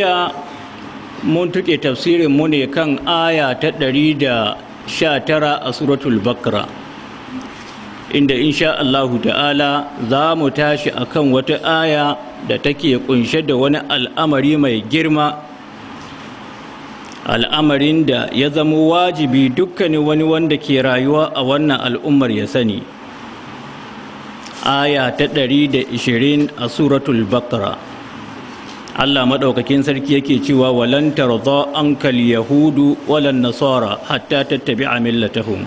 jiya mun tuke tafsirin mu ne kan aya ta ɗari da sha tara a suratul bakra inda insha Allahu ta'ala za mu tashi akan wata aya da take kunshe da wani al'amari mai girma al'amarin da ya zama wajibi dukkanin wani wanda ke rayuwa a wannan al'ummar ya sani aya ta 120 a suratul bakra Allah maɗaukakin sarki yake cewa walan tarzo an kal yahudu walan nasara hatta tattabi a millatahum.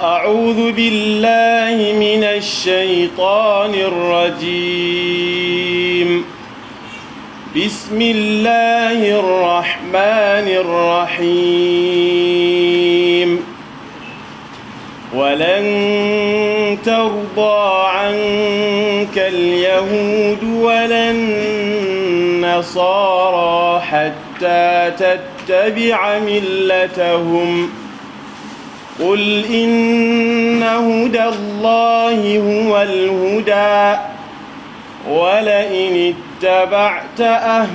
A'udhu billahi minash shaitanir rajim. Bismillahir rahmanir rahim. ولن ترضى عنك اليهود ولن النصارى حتى تتبع ملتهم قل إن هدى الله هو الهدى ولئن اتبعت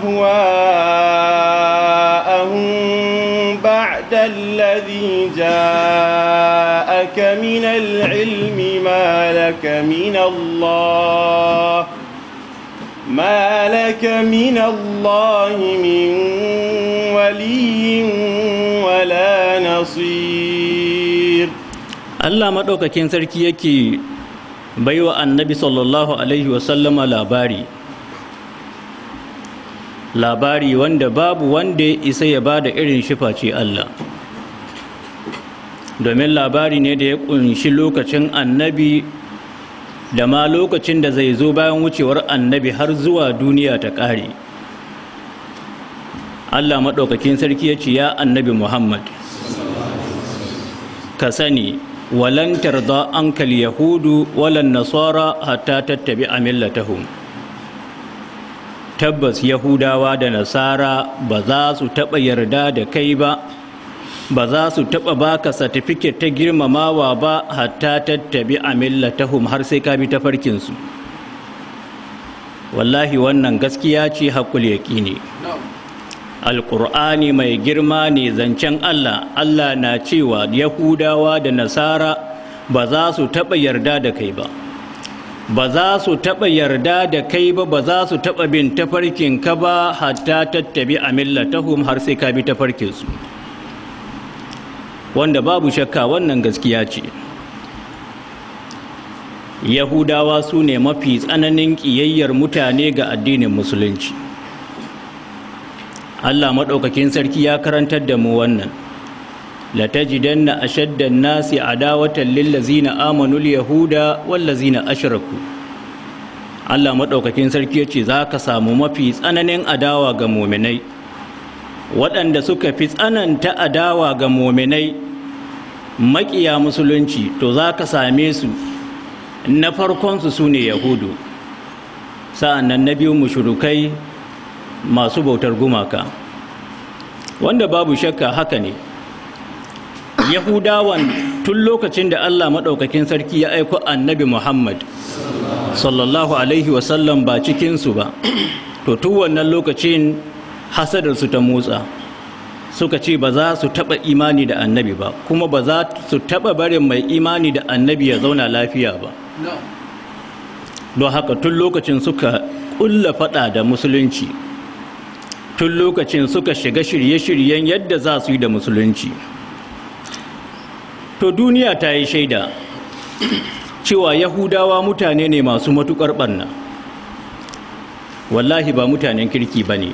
أهواءهم بعد الذي جاءك من العلم ما لك من الله ما لك من الله من Allah maɗaukakin sarki yake baiwa annabi sallallahu alaihi wasallama labari labari wanda babu wanda ya isa ya ba da irin shi face Allah domin labari ne da ya ƙunshi lokacin annabi da ma lokacin da zai zo bayan wucewar annabi har zuwa duniya ta ƙare allah maɗaukakin sarki ya ce ya annabi muhammad ka sani walantar za an kal yahudu walan nasara hatta tattabi a millatahum tabbas yahudawa da nasara ba za su taɓa yarda da kai ba ba za su taɓa baka satifiket ta girmamawa ba hatta tattabi a millatahum har sai ka bi ta farkinsu wallahi wannan gaskiya ce haƙul yaƙi ne alƙur'ani mai girma ne zancen allah allah na cewa yahudawa da nasara ba za su taɓa yarda da kai ba ba za su taɓa yarda da kai ba ba za su taɓa bin tafarkinka ba hatta tattabi a millatahum har sai ka bi tafarkinsu wanda babu shakka wannan gaskiya ce yahudawa su ne mafi tsananin ƙiyayyar mutane ga addinin musulunci allah maɗaukakin sarki ya karantar da mu wannan latajidanna ashaddan nasi adawatan lillazina amanul yahuda wallazina ashraku allah maɗaukakin sarki ya ce za ka samu mafi tsananin adawa ga muminai waɗanda suka fi tsananta adawa ga mominai maƙiya musulunci to za ka same su na farkonsu su ne yahudu sa'an nan na biyu mashirukai masu bautar gumaka wanda babu shakka haka ne yahudawan tun lokacin da allah maɗaukakin sarki ya aiko annabi muhammad sallallahu alaihi wasallam ba cikinsu ba to tun wannan lokacin su ta motsa suka ce ba za su taɓa imani da annabi ba kuma ba za su taɓa barin mai imani da annabi ya zauna lafiya ba don haka tun lokacin suka ƙulla faɗa da musulunci tun lokacin suka shiga shirye-shiryen yadda za su yi da musulunci to duniya ta yi shaida cewa yahudawa mutane ne masu matuƙar ɓanna wallahi ba mutanen kirki ba ne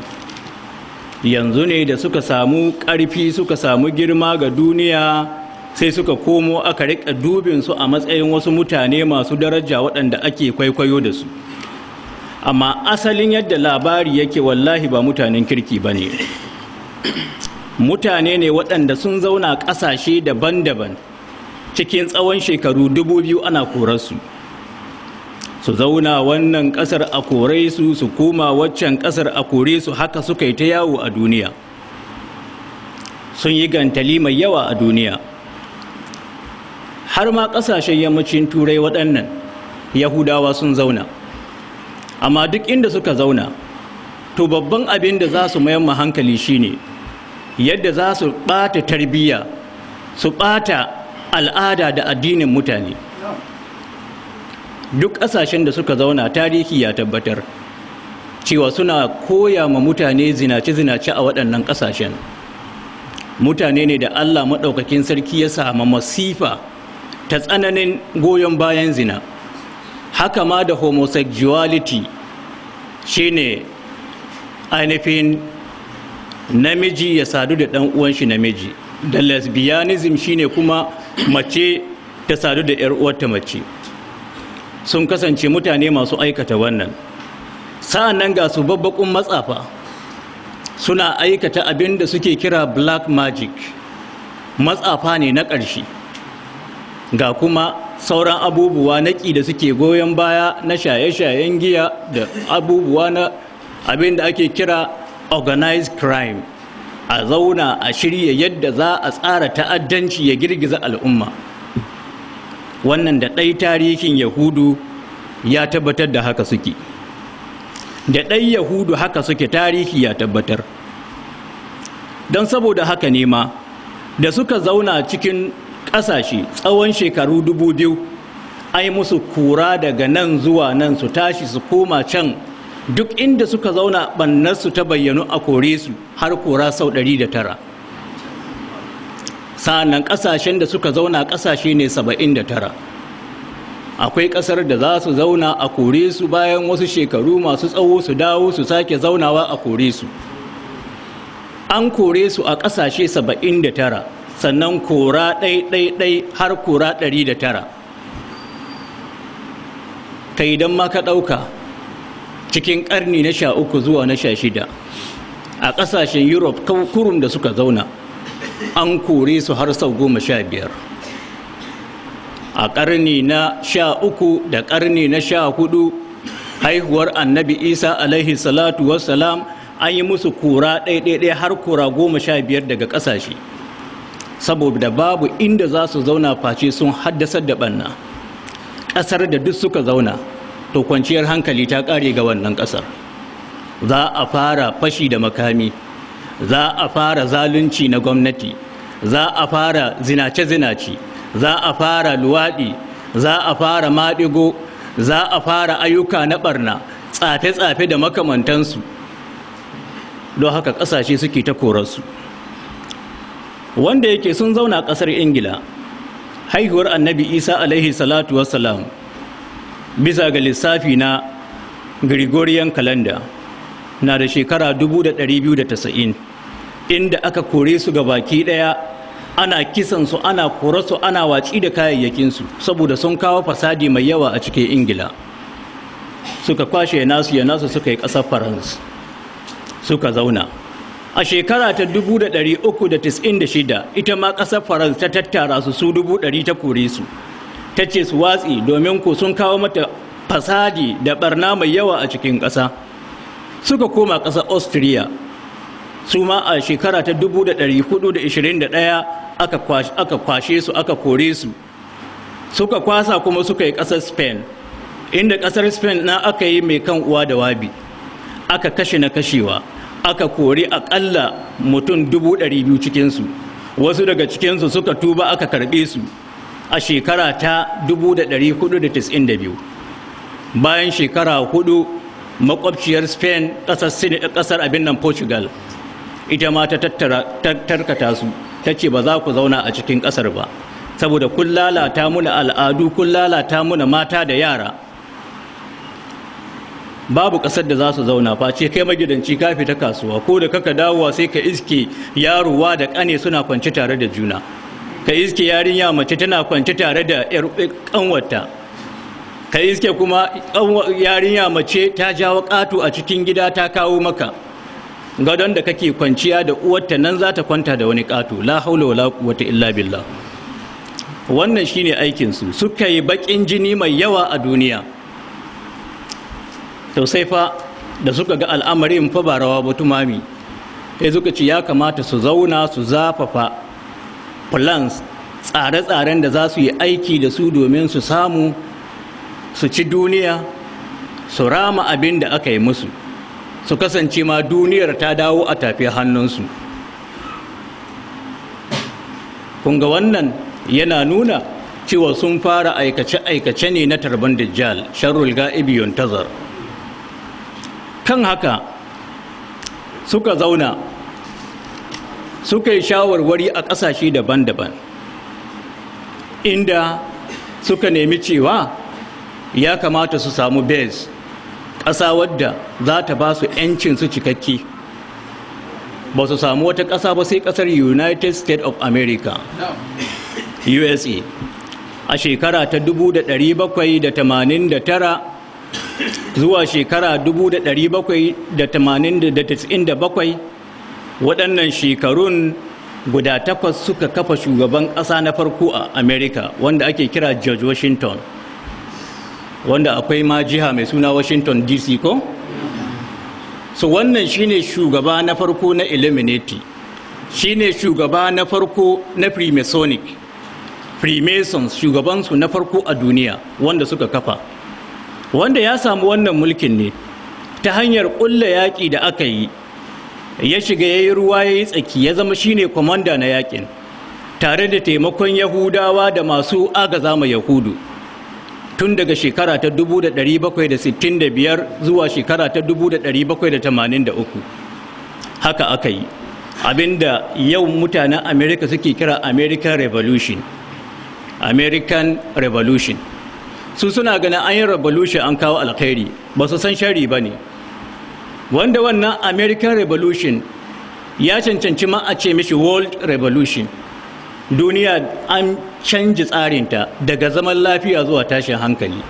yanzu ne da suka samu ƙarfi suka samu girma ga duniya sai suka komo aka riƙa dubin su a matsayin wasu mutane masu daraja waɗanda ake kwaikwayo da su amma asalin yadda labari yake wallahi ba mutanen kirki ba ne mutane ne waɗanda sun zauna ƙasashe daban-daban cikin tsawon shekaru dubu biyu ana korarsu su zauna wannan ƙasar a kore su su koma waccan ƙasar a kore su haka suka yi ta yawo a duniya sun yi gantali mai yawa a duniya har ma ƙasashen yammacin turai waɗannan yahudawa sun zauna amma duk inda suka zauna to babban abin da za su mayan hankali shine yadda za su ɓata tarbiyya su ɓata al'ada da addinin mutane duk ƙasashen da suka zauna tarihi ya tabbatar cewa suna koya ma mutane zinace-zinace a waɗannan ƙasashen mutane ne da allah maɗaukakin sarki ya sami masifa ta tsananin goyon bayan zina haka ma da homosexuality shine ainihin namiji ya sadu da ɗan uwan namiji da lesbianism shine kuma mace ta sadu da 'yar uwarta mace sun kasance mutane masu aikata wannan sa'an nan ga su babbakun matsafa suna aikata abin da suke kira black magic matsafa ne na ƙarshe ga kuma sauran abubuwa naƙi da suke goyon baya na shaye-shayen giya da abubuwa na abin da ake kira organized crime a zauna a shirya yadda za a tsara ta'addanci ya girgiza al'umma wannan da ɗai tarihin yahudu ya tabbatar da haka suke da ɗai yahudu haka suke tarihi ya tabbatar don saboda haka ne ma da suka zauna cikin ƙasashe tsawon shekaru dubu biyu ai musu kura daga nan zuwa nan su tashi su koma can duk inda suka zauna ɓannarsu ta bayyanu a kore su har kura sau ɗari da tara. sa'annan ƙasashen da suka zauna ƙasashe ne saba'in akwai ƙasar da za su zauna a kore su bayan wasu shekaru masu tsawo su dawo su sake zaunawa a kore su an kore su a ƙasashe saba'in da sannan kora ɗai har kora ɗari da tara ta idan ma ka ɗauka cikin ƙarni na sha uku zuwa na sha a ƙasashen europe kurum da suka zauna an kore su har sau goma sha biyar a ƙarni na sha uku da ƙarni na sha hudu haihuwar annabi isa alaihi salatu wassalam an yi musu kura ɗaiɗaiɗai har kura goma sha biyar daga ƙasashe saboda babu inda za su zauna face sun haddasar da ɓanna ƙasar da duk suka zauna to kwanciyar hankali ta ƙare ga wannan ƙasar za a fara fashi da makami za a fara zalunci na gwamnati za a fara zinace-zinace za a fara luwaɗi za a fara maɗigo za a fara ayyuka na ɓarna tsafe-tsafe da makamantansu don haka ƙasashe suke ta korarsu wanda yake sun zauna ƙasar ingila haihuwar annabi isa alaihi salatu wasalam bisa ga lissafi na gregorian calendar na da shekara 290 inda aka kore su ga baki daya ana kisan su ana kore su ana watsi da kayayyakin su saboda sun kawo fasadi mai yawa a cikin ingila suka kwashe nasu ya nasu suka yi ƙasar faransa suka zauna a shekara ta 396 ita ma ƙasar faransa ta tattara su su 100 ta kore su ta ce su watsi domin ku sun kawo mata fasadi da barna mai yawa a cikin ƙasa suka koma ƙasar austria su ma a shekara ta 1421 aka kwashe su aka kore su suka kwasa kuma suka yi ƙasar spain inda ƙasar spain na aka yi mai kan uwa da wabi aka kashe na kashewa aka kore akalla mutum 200 cikinsu wasu daga cikinsu suka tuba aka karɓe su a shekara ta 1492 bayan shekara hudu makwabciyar spain ƙasar a ƙasar abin nan portugal ita ma ta tarkata su ta ce ba za ku zauna a cikin ƙasar ba saboda kun lalata muna al'adu kun lalata muna mata da yara babu ƙasar da za su zauna face kai magidanci ka fita kasuwa ko da kaka dawowa sai ka iske yaruwa da ƙane suna kwanci tare da juna ka iske yarinya mace tana kwanci tare da 'yar ƙanwata ka iske kuma yarinya mace ta jawo ƙato a cikin gida ta kawo maka gadon da kake kwanciya da uwarta nan za ta kwanta da wani ƙato la haula wala quwwata illa billah wannan shine aikin su suka yi bakin jini mai yawa a duniya to fa da suka ga al'amarin fa ba rawa ba tumami sai suka ce ya kamata su zauna su zafafa plans tsare-tsaren da za su yi aiki da su domin su samu su ci duniya su rama abin da aka yi musu su kasance ma duniyar ta dawo a tafi hannunsu kunga wannan yana nuna cewa sun fara aikace-aikace ne na tarban dajjal ga ga'ibi tazar. kan haka suka zauna suka yi shawarwari a ƙasashe daban-daban inda suka nemi cewa ya kamata su samu base ƙasa wadda za ta ba su 'yancin su cikakke ba su samu wata ƙasa ba sai ƙasar united states of america usa a shekara ta 1789 zuwa shekara 1797 waɗannan shekarun guda takwas suka kafa shugaban ƙasa na farko a america wanda ake kira george washington wanda akwai ma jiha mai suna washington dc ko so wannan shine shugaba na farko na illuminati shine shugaba na farko na freemasonic freemasons shugabansu na farko a duniya wanda suka kafa wanda ya samu wannan mulkin ne ta hanyar ƙulla yaƙi da aka yi ya shiga ya yi ruwa ya yi tsaki ya zama shine kwamanda na yaƙin tare da taimakon yahudawa da masu agaza ma yahudu tun daga shekara ta 1765 zuwa shekara ta 1783 haka aka yi abinda yau mutanen amerika suke kira american revolution american revolution su suna ganin an yi revolution an kawo alkhairi ba su san shari ba ne wanda wannan american revolution ya cancanci ma a ce mishi world revolution duniya an canji tsarinta daga zaman lafiya zuwa tashin hankali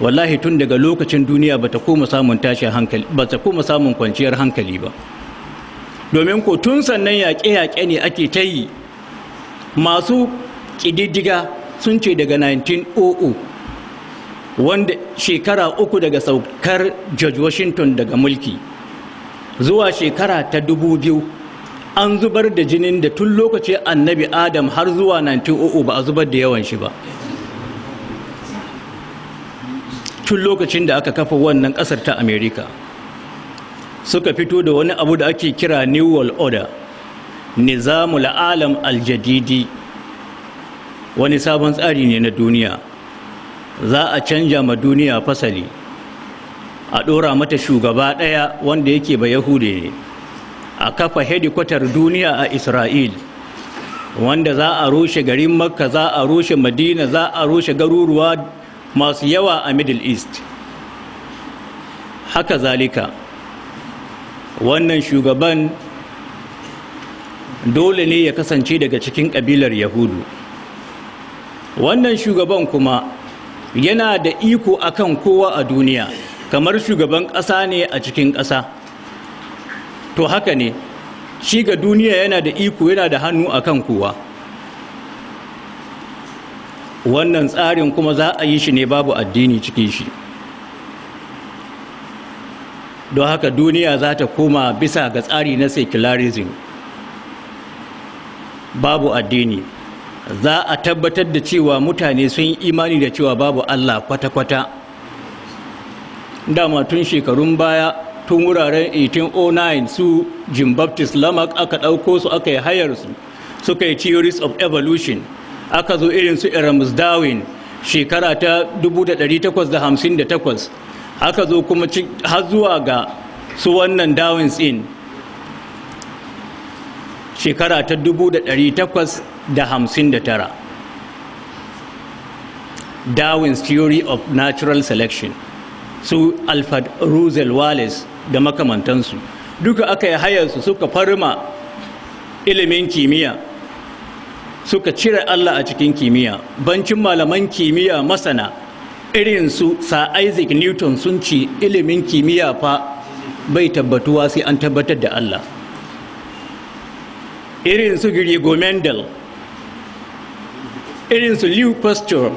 wallahi tun daga lokacin duniya ba ta koma samun tashin hankali ba ta koma samun kwanciyar hankali ba domin ko tun sannan yaƙe-yaƙe ne ake ta yi masu ƙididdiga sun ce daga 1900 wanda shekara uku daga saukar george washington daga mulki zuwa shekara ta dubu biyu an zubar da jinin da tun lokaci annabi adam har zuwa 1900 ba a zubar da yawan shi ba tun lokacin da aka kafa wannan kasar ta america suka fito da wani abu da ake kira new world order nizamu la'alam aljadidi wani sabon tsari ne na duniya za a canja ma duniya fasali a ɗora mata shugaba ɗaya wanda yake ba yahude ne a kafa hedikwatar duniya a isra'il wanda za a rushe garin makka za a rushe madina za a rushe garuruwa masu yawa a middle east haka zalika wannan shugaban dole ne ya kasance daga cikin ƙabilar yahudu wannan shugaban kuma yana da iko akan kowa a duniya kamar shugaban ƙasa ne a cikin ƙasa to haka ne shi ga duniya yana da iko yana da hannu a kan kowa wannan tsarin kuma za a yi shi ne babu addini cikin shi don haka duniya za ta koma bisa ga tsari na secularism babu addini za a tabbatar da cewa mutane sun yi imani da cewa babu allah kwata-kwata dama tun shekarun baya tun wuraren 1809 su jim baptist lamak aka ɗauko su aka yi hayar su suka yi theories of evolution aka zo irin su Erasmus darwin shekara ta 1858 aka zo kuma har zuwa ga su wannan darwin in shekara ta 1859 darwin's theory of natural selection su so, alfred russel wallace da makamantansu duka aka yi hayarsu suka farma ilimin kimiyya suka cire Allah a cikin kimiyya bancin malaman kimiyya masana irin su sa Isaac Newton sun ci ilimin kimiyya fa bai tabbatuwa sai an tabbatar da Allah irin su Grigo Mendel irin su Pasteur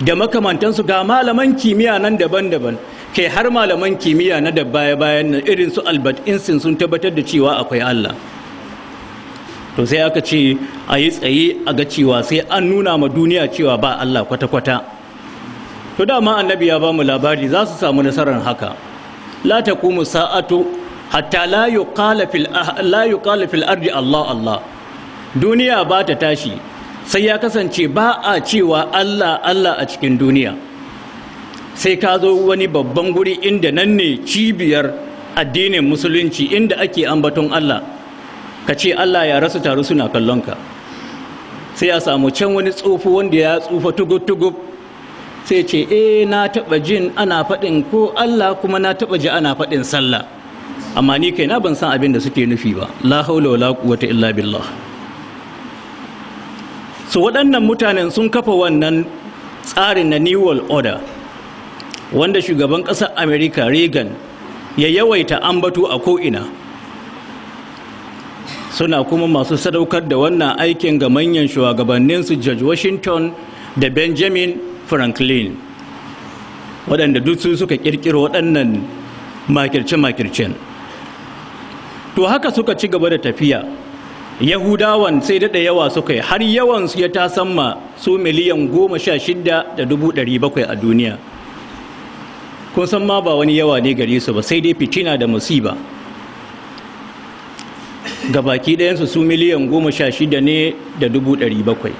da makamantansu ga malaman kimiyya nan daban-daban Ke har malaman kimiyya na da baya-bayan nan irin su albert einstein sun tabbatar da cewa akwai allah to sai aka ce a yi tsaye a ga cewa sai an nuna ma duniya cewa ba allah kwata-kwata to dama annabi ya ba mu labari za su samu nasarar haka la taqumu sa'atu hatta la yuqala fil ah, la fil ardi allah allah duniya ba ta tashi sai ya kasance ba a cewa allah allah a cikin duniya sai ka zo wani babban guri inda nan ne cibiyar addinin musulunci inda ake ambaton Allah ka ce Allah ya rasu taru suna kallon ka sai a samu can wani tsofo wanda ya tsufa tugub-tugub sai ce eh na taɓa jin ana faɗin ko Allah kuma na taba ji ana faɗin sallah amma ni kai na ban san abin da suke nufi ba la haula wala quwwata illa billah so waɗannan mutanen sun kafa wannan tsarin na new world order wanda shugaban ƙasar america reagan ya yawaita ambatu a ko'ina suna kuma masu sadaukar da wannan aikin ga manyan shugabanninsu george washington da benjamin franklin waɗanda duk su suka ƙirƙiro waɗannan makirce-makircen to haka suka ci gaba da tafiya yahudawan sai daɗa yawa suka yi har yawansu ya tasamma su miliyan goma sha shida da dubu ɗari bakwai a duniya kun san ma ba wani yawa ne gare su ba sai dai fitina da musiba ga baki ɗayansu su miliyan goma sha shida ne da dubu ɗari bakwai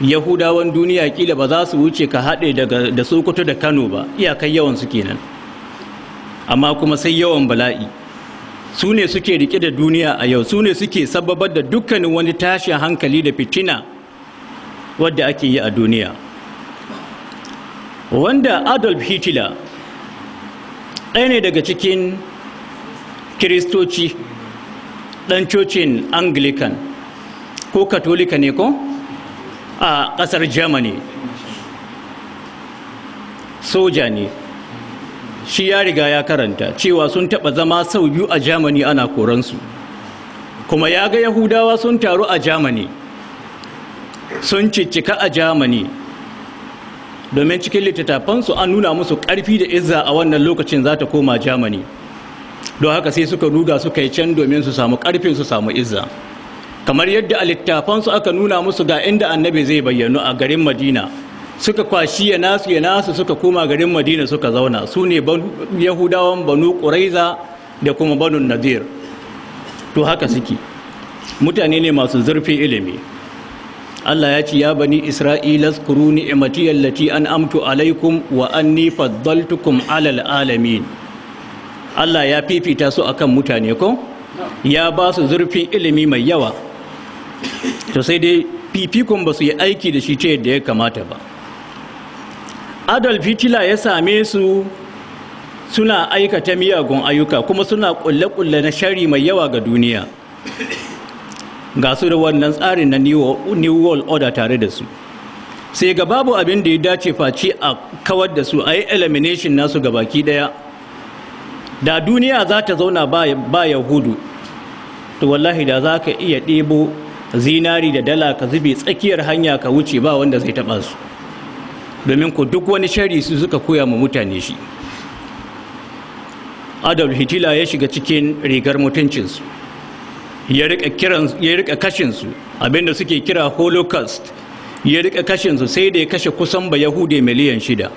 yahudawan duniya kila ba za su wuce ka haɗe da sokoto da kano ba iyakai yawan su kenan amma kuma sai yawan bala'i su ne suke rike da duniya a yau su ne suke sababar da dukkanin wani tashin hankali da fitina wadda ake yi a duniya wanda adolf hitler ɗaya ne daga cikin kiristoci ɗan cocin anglican ko katolika ne ko a ƙasar germany soja ne shi ya riga ya karanta cewa sun taɓa zama sau biyu a germany ana koransu kuma ya ga yahudawa sun taru a germany sun ciccika a germany domin cikin littattafansu an nuna musu karfi da izza a wannan lokacin za ta koma germany don haka sai suka ruga suka yi can domin su samu karfin su samu izza kamar yadda a littafansu aka nuna musu ga inda annabi zai bayyanu a garin madina suka kwashi ya nasu ya nasu suka koma garin madina suka zauna su ne yahudawan banu ƙuraiza da kuma banu nadir to haka suke mutane ne masu zurfin ilimi Allah ya ce ya bani Isra'ila zkuru Lati an amtu alaikum wa anni faddaltukum alal alamin Allah ya fifita su akan mutane ko ya ba su zurfin ilimi mai yawa to sai dai fifikun ba su yi aiki da shi ta yadda ya kamata ba Adolf fitila ya same su suna aikata miyagun ayyuka kuma suna kulle-kulle na shari mai yawa ga duniya ga su da wannan tsarin na new world order tare da su sai ga babu abin da ya dace face a kawar da su a yi elimination nasu ga baki daya da duniya za ta zauna ba yahudu to wallahi da za ka iya ɗebo zinari da dala ka zube tsakiyar hanya ka wuce ba wanda zai taɓa su domin ku duk wani shari su suka koya ma mutane shi Adal hitila ya shiga cikin rigar mutuncinsu ya rika kashinsu abinda suke kira holocaust ya rika kashinsu sai da ya kashe kusan ba yahudi miliyan shida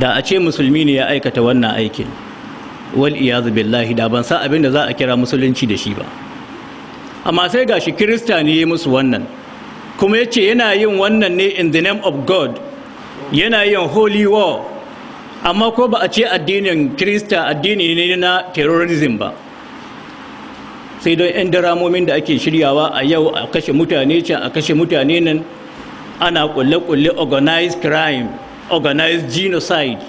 da a ce musulmi ne ya aikata wannan aikin wal iyazu billahi da ban sa abinda za a kira musulunci da shi ba amma sai gashi kirista ne ya musu wannan kuma ya ce yana yin wannan ne in the name of god yana yin holy war amma ko ba a ce addinin kirista addini ne na terrorism ba sai don 'yan daramomin da ake shiryawa a yau a kashe mutane can a kashe mutane nan ana kulle-kulle organized crime organized genocide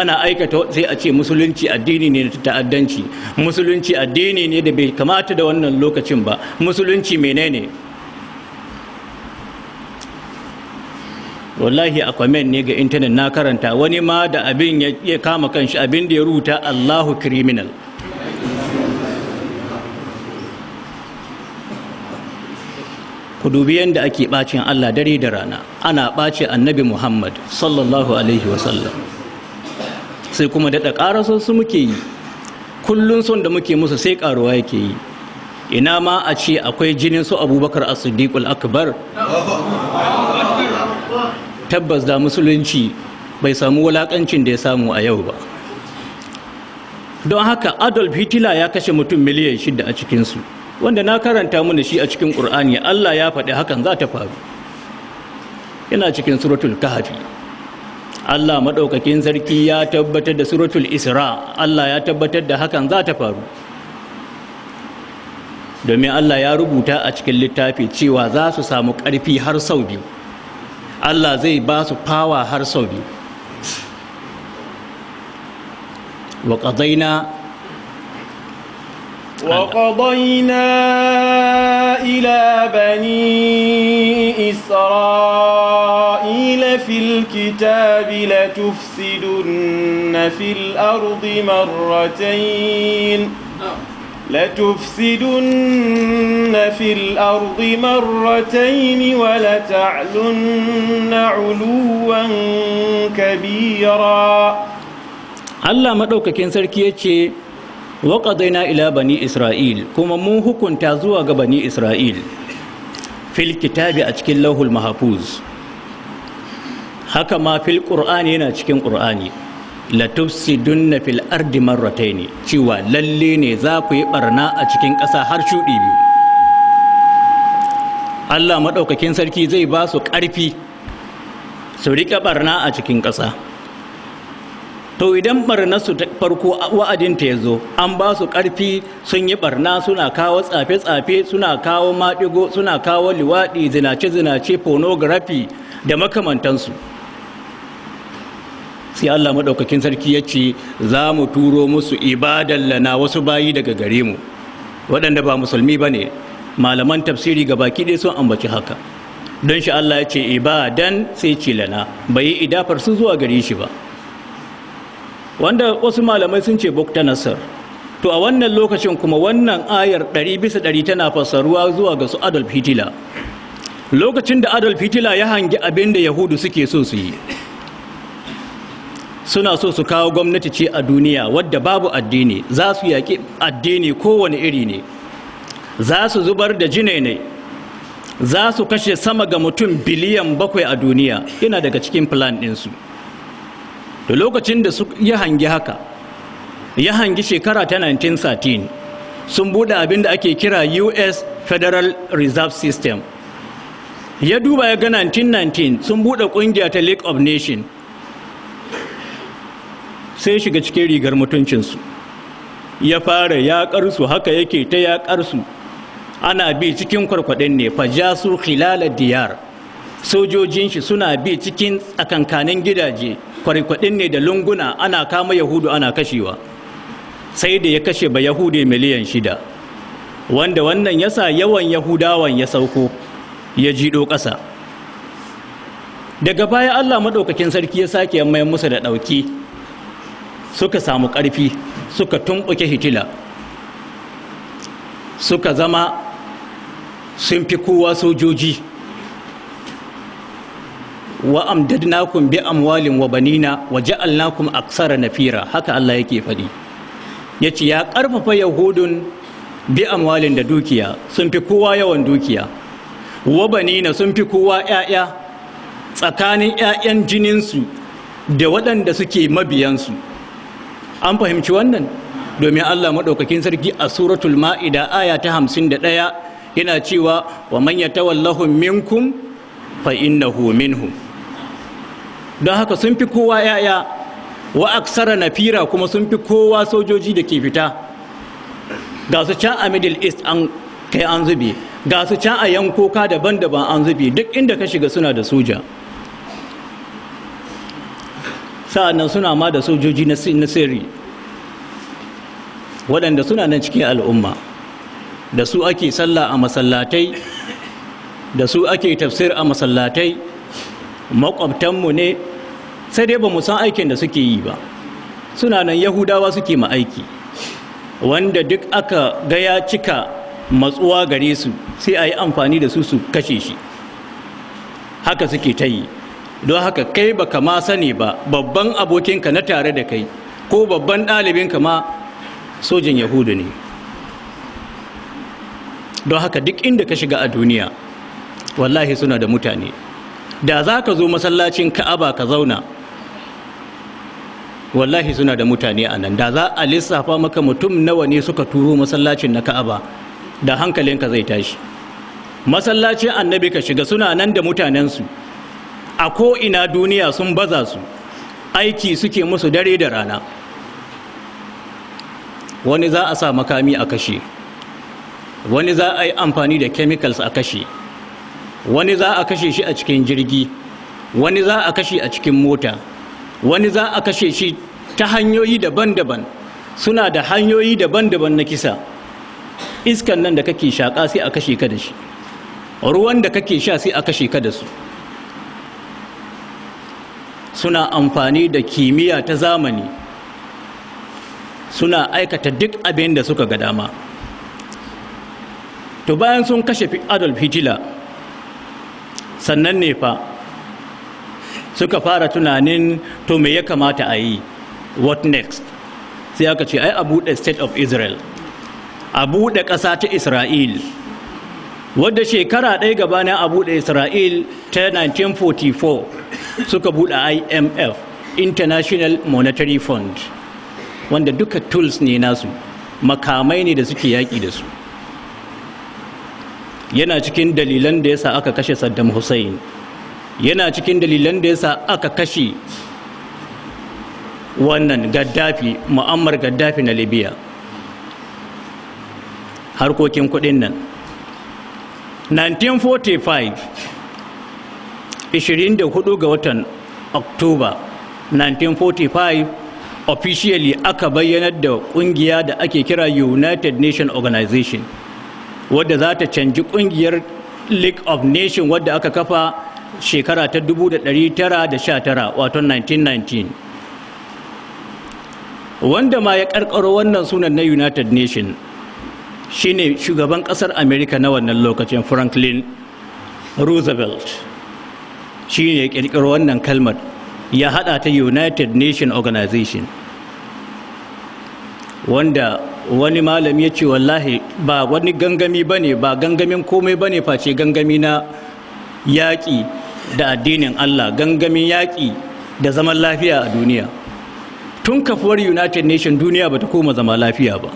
ana aikata sai a ce musulunci addini ne ta ta'addanci musulunci addini ne da bai kamata da wannan lokacin ba musulunci menene wallahi a kwamen ne ga intanet na karanta wani ma da abin ya kama kanshi abin da ya rubuta allahu criminal ku dubi ake bacin allah dare da rana ana bace annabi muhammad sallallahu alaihi wasallam sai kuma daɗa ƙaraso su muke yi kullum son da muke musu sai ƙaruwa yake yi ina ma a ce akwai jinin su abubakar as-siddiq akbar tabbas da musulunci bai samu wulakancin da ya samu a yau ba don haka adolf hitler ya kashe mutum miliyan shida a cikinsu wanda na karanta mana shi a cikin ƙur'ani allah ya faɗi hakan za ta faru yana cikin suratul kahfi allah maɗaukakin sarki ya tabbatar da suratul isra allah ya tabbatar da hakan za ta faru domin allah ya rubuta a cikin littafi cewa za su samu ƙarfi har sau biyu Allah zai ba su fawa har sau biyu wa qadaina wa qadaina ila bani isra'ila fil kitabi la tufsidun fil ardi marratayn لتفسدن في الأرض مرتين ولتعلن علوا kabiyara. Allah maɗaukakin sarki ya ce na ila bani Isra'il kuma mun hukunta zuwa ga bani Isra'il fil kitabi a cikin lauhul mahafuz haka ma fil ƙur'ani yana cikin ƙur'ani latufsidunna fil ardi marrataini cewa lalle ne za ku yi barna a cikin ƙasa har shuɗi biyu Allah maɗaukakin sarki zai ba su ƙarfi su riƙe barna a cikin ƙasa to idan barna su ta farko wa'adinta ya zo an ba su ƙarfi sun yi barna suna kawo tsafe-tsafe suna kawo maɗigo suna kawo liwaɗi zinace-zinace pornography da makamantansu sai Allah maɗaukakin sarki ya ce za mu turo musu ibadan lana wasu bayi daga gare mu waɗanda ba musulmi ba ne malaman tafsiri ga baki ɗaya sun ambaci haka don shi Allah ya ce ibadan sai ce lana bai yi idafar su zuwa gare shi ba wanda wasu malamai sun ce bukta nasar to a wannan lokacin kuma wannan ayar ɗari bisa ɗari tana fassaruwa zuwa ga su adolf hitler lokacin da adolf hitler ya hangi abin da yahudu suke so su yi suna so su kawo gwamnati ce a duniya wadda babu addini za su yaƙi addini kowane iri ne za su zubar da jine ne za su kashe sama ga mutum biliyan bakwai a duniya ina daga cikin plan ɗinsu da lokacin da su ya hangi haka ya hangi shekara ta 1913 sun buɗe abin da ake kira us federal reserve system ya duba ya ga 1919 sun buɗe ƙungiya ta league of nations sai shiga cikin rigar mutuncinsu ya fara yaƙarsu haka yake ta yaƙarsu ana bi cikin kwarkwaɗin ne fajasu khilala diyar sojojin shi suna bi cikin tsakankanin gidaje kwarkwaɗin ne da lunguna ana kama yahudu ana kashewa sai da ya kashe ba yahude miliyan shida wanda wannan yasa yawan yahudawan ya sauko ya jido ƙasa daga baya allah maɗaukakin sarki ya sake mai musu da ɗauki suka samu ƙarfi suka tumɓuke hitila suka zama sun fi kowa sojoji wa amdadnakum bi amwalin wa banina wa ja'alnakum aksara nafira haka Allah yake faɗi Ya ce ya ƙarfafa yahudun bi amwalin da dukiya sun fi kowa yawan dukiya wa banina sun fi kowa ƴaƴa tsakanin ƴaƴan jininsu da waɗanda suke mabiyansu an fahimci wannan domin Allah maɗaukakin sarki a suratul ma'ida aya ta hamsin da ɗaya yana cewa wa manya yatawallahum minkum fa innahu minhum don haka sun fi kowa yaya wa aksara nafira kuma sun fi kowa sojoji da ke fita ga su can a middle east an kai an zube ga su can a yankoka daban-daban an zube duk inda ka shiga suna da soja sa'annan suna ma da sojoji na sirri waɗanda suna nan cikin al'umma da su ake sallah a masallatai da su ake tafsir a masallatai makwabtanmu ne sai dai ba mu san aikin da suke yi ba suna nan yahudawa suke ma aiki wanda duk aka gaya cika matsuwa gare su sai a yi amfani da su su kashe shi haka suke ta yi don haka kai baka ma sani ba babban abokinka na tare da kai ko babban ɗalibinka ma sojin yahudu ne don haka duk inda ka shiga a duniya wallahi suna da mutane da za ka zo masallacin ka'aba ka zauna wallahi suna da mutane a nan da za a lissafa maka mutum nawa ne suka turo masallacin na ka'aba da hankalinka zai tashi masallacin annabi ka shiga suna nan da mutanensu a ko'ina duniya sun baza su aiki suke musu dare da rana wani za a sa makami a kashe wani za a yi amfani da chemicals a kashe wani za a kashe shi a cikin jirgi wani za a kashe a cikin mota wani za a kashe shi ta hanyoyi daban-daban suna da hanyoyi daban-daban na kisa iskan nan da kake shaƙa sai a kashe ka da shi ruwan da kake sha sai a kashe ka da su suna amfani da kimiyya ta zamani suna aikata duk abin da suka ga dama to bayan sun kashe adolf hitler sannan ne fa suka fara tunanin to me ya kamata a yi what next sai aka ce ai a buɗe state of israel a buɗe ƙasa ta isra'il wadda shekara ɗaya gabanin a buɗe isra'il ta 1944 suka buɗe imf international monetary fund wanda duka tools ne nasu makamai ne da suke yaƙi da su yana cikin dalilan da yasa aka kashe saddam hussein yana cikin dalilan da yasa aka kashe wannan gaddafi mu'ammar gaddafi na libya harkokin kudin nan 1945 24 ga watan oktoba 1945 officially aka bayyanar da kungiya da ake kira united nation organization wadda za ta canji kungiyar league of nations wadda aka kafa shekara ta 1919 wato 1919 wanda ma ya karkaro wannan sunan na united nations shine shugaban kasar america na wannan lokacin franklin roosevelt shi ne kirkiro wannan kalmar ya hada ta united nation organization wanda wani malam ya ce wallahi ba wani gangami ba ne ba gangamin komai ba ne face gangami na yaƙi da addinin allah gangamin yaƙi da zaman lafiya a duniya tun kafuwar united nation duniya ba ta koma zama lafiya ba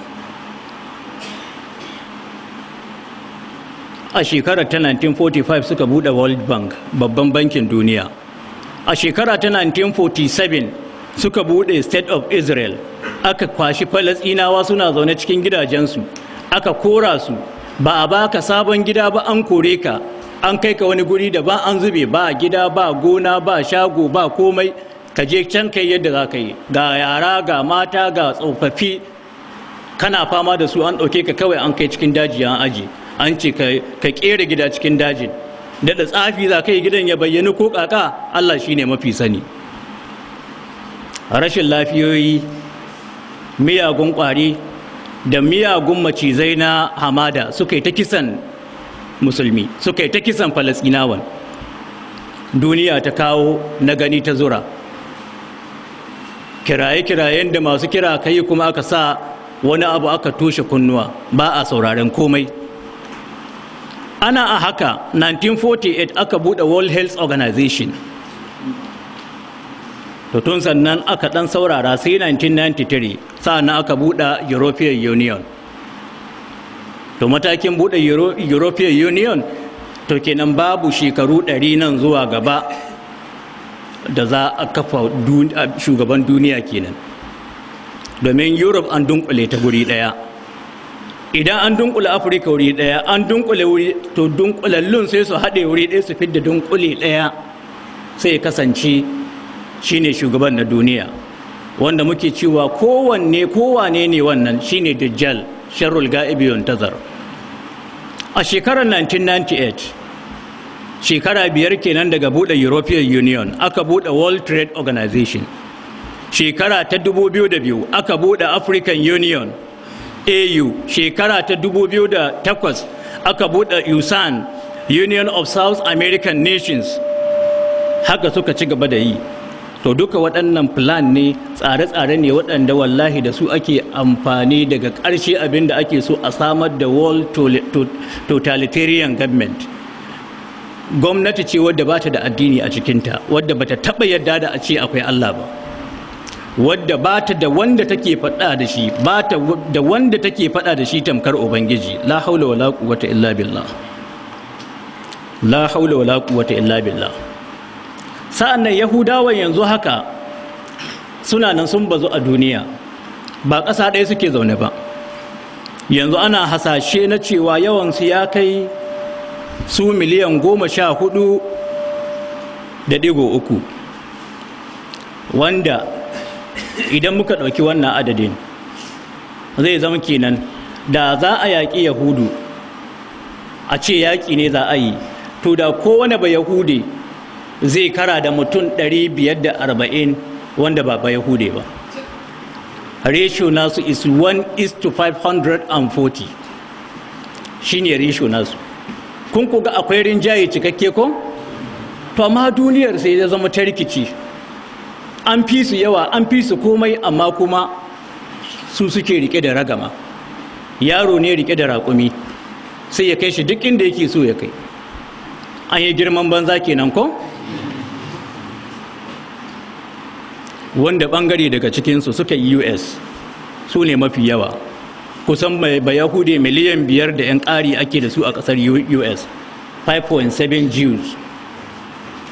a shekarar ta 1945 suka buɗe world bank babban bankin duniya a shekara ta 1947 suka buɗe state of israel aka kwashi falasinawa suna zaune cikin gidajensu aka kora su ba a baka sabon gida ba an kore ka an kai ka wani guri da ba an zube ba gida ba gona ba shago ba komai ka je can kai yadda za ka yi ga yara ga mata ga tsofaffi kana fama da su an ɗauke ka kawai an kai cikin daji an aji an ce ka kera gida cikin dajin da tsafi za ka yi gidan ya bayyana ko kaka Allah shi ne mafi sani rashin lafiyoyi miyagun ƙwari da miyagun macizai na hamada suka yi ta kisan musulmi suka yi ta kisan falasinawan duniya ta kawo na gani ta zura kiraye-kirayen da masu kira kai kuma aka sa wani abu aka toshe kunnuwa ba a sauraren komai ana a haka 1948 aka buɗe world health organization to tun sannan aka ɗan saurara sai 1993 na aka buɗe european union to matakin buɗe european union to kenan babu shekaru ɗari nan zuwa gaba da za a kafa shugaban duniya kenan domin europe an dunkule ta guri ɗaya idan an dunkula afirka wuri daya an dunkule wuri to dunkulallun sai su haɗe wuri ɗaya su fidda dunkule ɗaya sai kasance shine shugaban na duniya wanda muke cewa kowanne kowane ne wannan shine dajjal sharul ga'ibi tazar a shekarar 1998 shekara biyar kenan daga buɗe european union aka buɗe world trade organization shekara ta 2002 aka buɗe african union au shekara ta 2008 aka buɗe usan union of south american nations haka suka ci gaba da yi to duka waɗannan plan ne tsare-tsare ne waɗanda wallahi da su ake amfani daga ƙarshe abin da ake so a samar da world totalitarian government gwamnati ce wadda ba ta da addini a cikinta wadda ba ta taɓa yadda da a ce akwai allah ba wadda ba ta da wanda take faɗa da shi ba ta da wanda take faɗa da shi tamkar ubangiji la haula wala quwwata illa billah la haula wala quwwata illa billah sa'annan yahudawa yanzu haka suna nan sun bazu a duniya ba ƙasa ɗaya suke zaune ba yanzu ana hasashe na cewa yawansu ya kai su miliyan goma sha hudu da ɗigo uku wanda idan muka ɗauki wannan adadin zai zama kenan da za a yaƙi yahudu a ce yaƙi ne za a yi to da kowane ba yahude zai kara da mutum 540 wanda ba ba yahude ba ratio nasu is 1 is to 540 shine ratio nasu kun ga akwai rinjaye cikakke ko to amma duniyar sai ya zama ta rikici an fi su yawa an fi su komai amma kuma su suke rike da ragama yaro ne rike da raƙumi sai ya kai shi duk inda yake so ya kai an yi girman banza kenan ko wanda bangare daga cikinsu suka yi us su ne mafi yawa kusan bayahude miliyan biyar da 'yan ƙari ake da su a ƙasar us 5.7 jews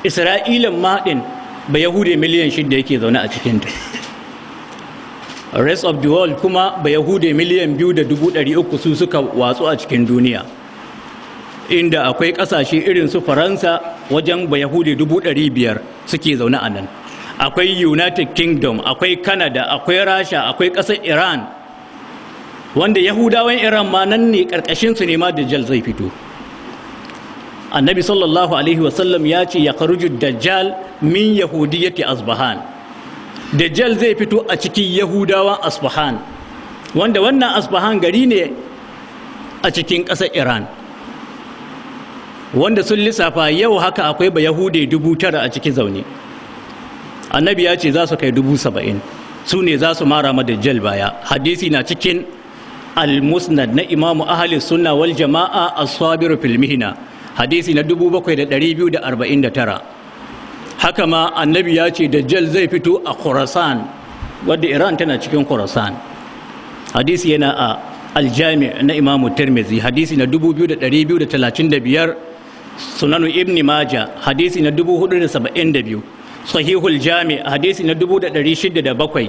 isra'ilan maɗin ba yahude miliyan shida yake zaune a cikinta rest of the world kuma ba yahude miliyan biyu da dubu ɗari uku su suka watsu a cikin duniya inda akwai ƙasashe irin su faransa wajen ba yahude dubu ɗari biyar suke zaune a nan akwai united kingdom akwai canada akwai rasha akwai ƙasar iran wanda yahudawan iran ma nan ne ƙarƙashinsu ne ma da jal zai fito annabi sallallahu alaihi wasallam ya ce ya karuju dajjal min yahudiyyati asbahan dajjal zai fito a cikin Yahudawa asbahan wanda wannan asbahan gari ne a cikin ƙasar iran wanda sun lissafa yau haka akwai ba yahude dubu tara a cikin zaune annabi ya ce za su kai dubu saba'in su ne za su mara ma dajjal baya hadisi na cikin al-musnad na imamu ahalin sunna wal jama'a as-sabir fil mihna hadisi na 7249 haka ma annabi ya ce dajjal zai fito a khurasan wadda iran tana cikin khurasan hadisi yana a aljami na imamu tirmizi hadisi na 2235 sunanu ibni maja hadisi na 472 sahihul jami hadisi na bakwai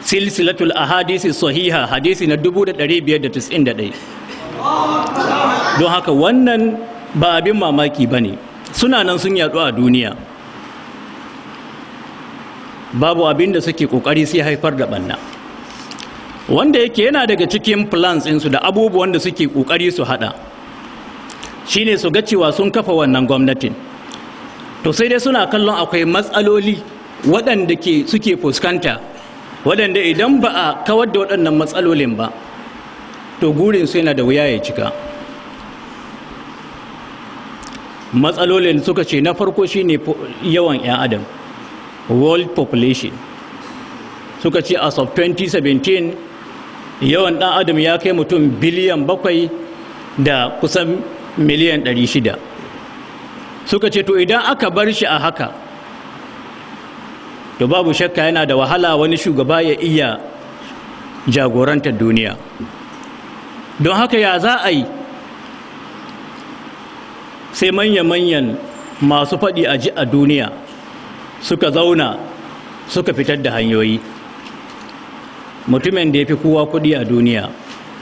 silsilatul ahadisi sahiha hadisi na 1591 don haka wannan ba abin mamaki ba ne suna nan sun yadu a duniya babu abin da suke kokari sai haifar da banna wanda yake yana daga cikin plans su da abubuwan da suke kokari su hada shine su ga cewa sun kafa wannan gwamnatin to sai dai suna kallon akwai matsaloli waɗanda ke suke fuskanta waɗanda idan ba a kawar da waɗannan matsalolin ba to gurin su yana da wuya ya cika matsalolin suka ce na farko shine yawan 'yan adam world population suka ce as of 2017 yawan dan adam ya kai mutum biliyan bakwai da kusan miliyan 600 suka ce to idan aka bar shi a haka to babu shakka yana da wahala wani shugaba ya iya jagorantar duniya don haka ya za a yi sai manya-manyan masu faɗi a ji a duniya suka zauna suka fitar da hanyoyi mutumin da ya fi kowa kuɗi a duniya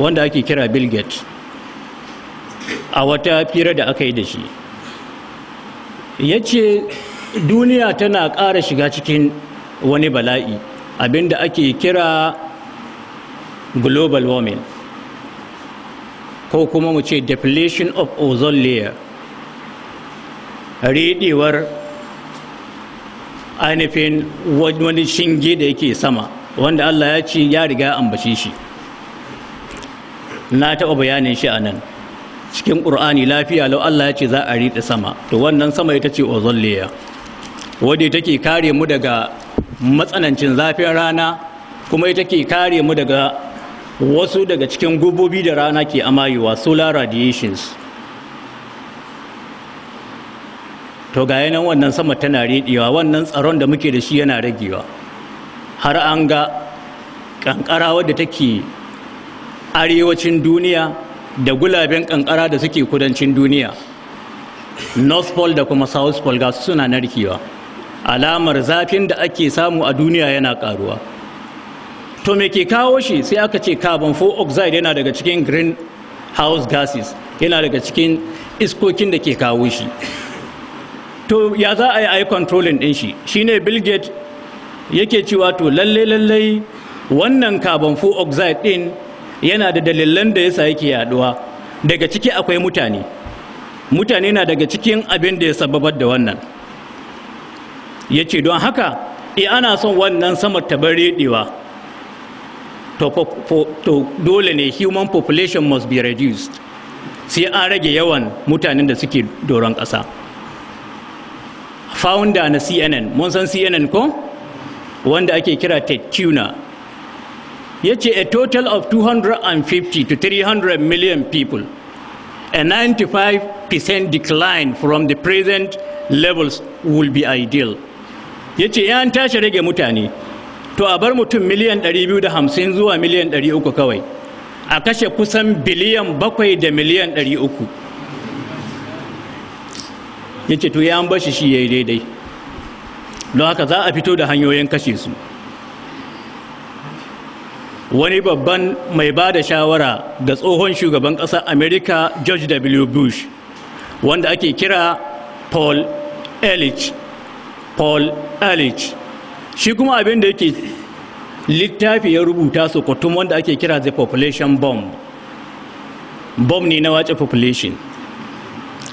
wanda ake kira bill gates a wata fira da aka yi da shi ya ce duniya tana ƙara shiga cikin wani bala'i abinda ake kira global warming ko kuma mu ce deflation of ozone layer riɗewar ainihin wani shinge da yake sama wanda Allah ya ci ya riga ambace shi na taɓa bayanin shi a nan cikin ƙur'ani lafiya lau Allah ya ce za a riɗe sama to wannan sama ita ce ozon layer wadda take kare mu daga matsanancin zafin rana kuma ita ke kare mu daga wasu daga cikin gubobi da rana ke amayewa solar radiations to ga yanan wannan sama tana riɗewa wannan tsaron da muke da shi yana ragewa har an ga ƙanƙara wadda take arewacin duniya da gulaben ƙanƙara da suke kudancin duniya north pole da kuma south pole ga suna narkewa alamar zafin da ake samu a duniya yana ƙaruwa to me ke kawo shi sai aka ce carbon oxide yana daga cikin green house gases yana daga cikin iskokin da ke kawo shi to ya za a yi a yi controlling ɗin shi shine bill gates yake cewa to lalle lalle wannan carbon oxide ɗin yana da dalilan da yasa yake yaduwa daga ciki akwai mutane mutane na daga cikin abin da ya sababar da wannan ya ce don haka e ana son wannan samar ta bareɗewa to dole ne human population must be reduced sai an rage yawan mutanen da suke doron ƙasa. founder na cnn mun san cnn ko wanda ake kira ted tuna ya ce a total of 250 to 300 million people a 95% decline from the present levels will be ideal ya ce yan tashi rage mutane to a bar mutum miliyan 250 zuwa miliyan 300 kawai a kashe kusan biliyan 7 da miliyan 300 ya ce to ya an bashi shi ya yi daidai don haka za a fito da hanyoyin kashe su wani babban mai ba da shawara ga tsohon shugaban ƙasar america george w bush wanda ake kira paul ehrlich paul ehrlich shi kuma abin da yake littafi ya rubuta su kutum wanda ake kira the population bomb bomb ne na wace population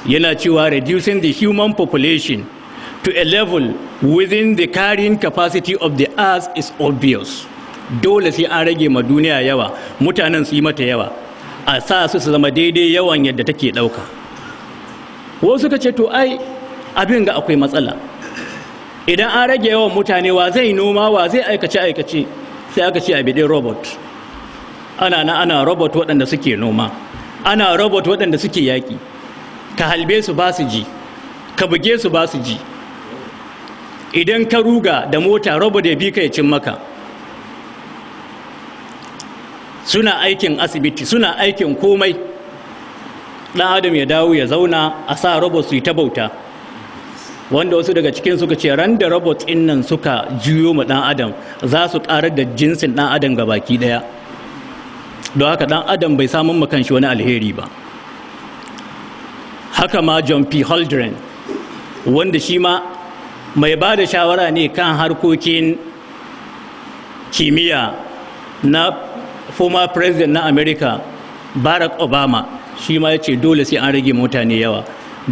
yana cewa reducing the human population to a level within the carrying capacity of the earth is obvious dole sai an rage ma duniya yawa mutanen su yi mata yawa a sa su su zama daidai yawan yadda take ɗauka wasu suka ce to ai abin ga akwai matsala idan an rage yawan mutane wa zai noma wa zai aikace aikace sai aka ce a bidin robot ana na ana robot waɗanda suke noma ana robot waɗanda suke yaƙi ka halbe su ba su ji ka buge su ba su ji idan ka ruga da mota robo da bi ka cin maka suna aikin asibiti suna aikin komai ɗan adam ya dawo ya zauna a sa robot su yi ta bauta wanda wasu daga cikin suka ce ran da robot ɗin nan suka juyo ma ɗan adam za su ƙarar da jinsin ɗan adam ga baki ɗaya don haka ɗan adam bai samun makanshi wani alheri ba haka ma john p holdren wanda shi ma mai ba da shawara ne kan harkokin kimiyya na former president na america barack obama shi ma ya ce dole sai an rage mutane yawa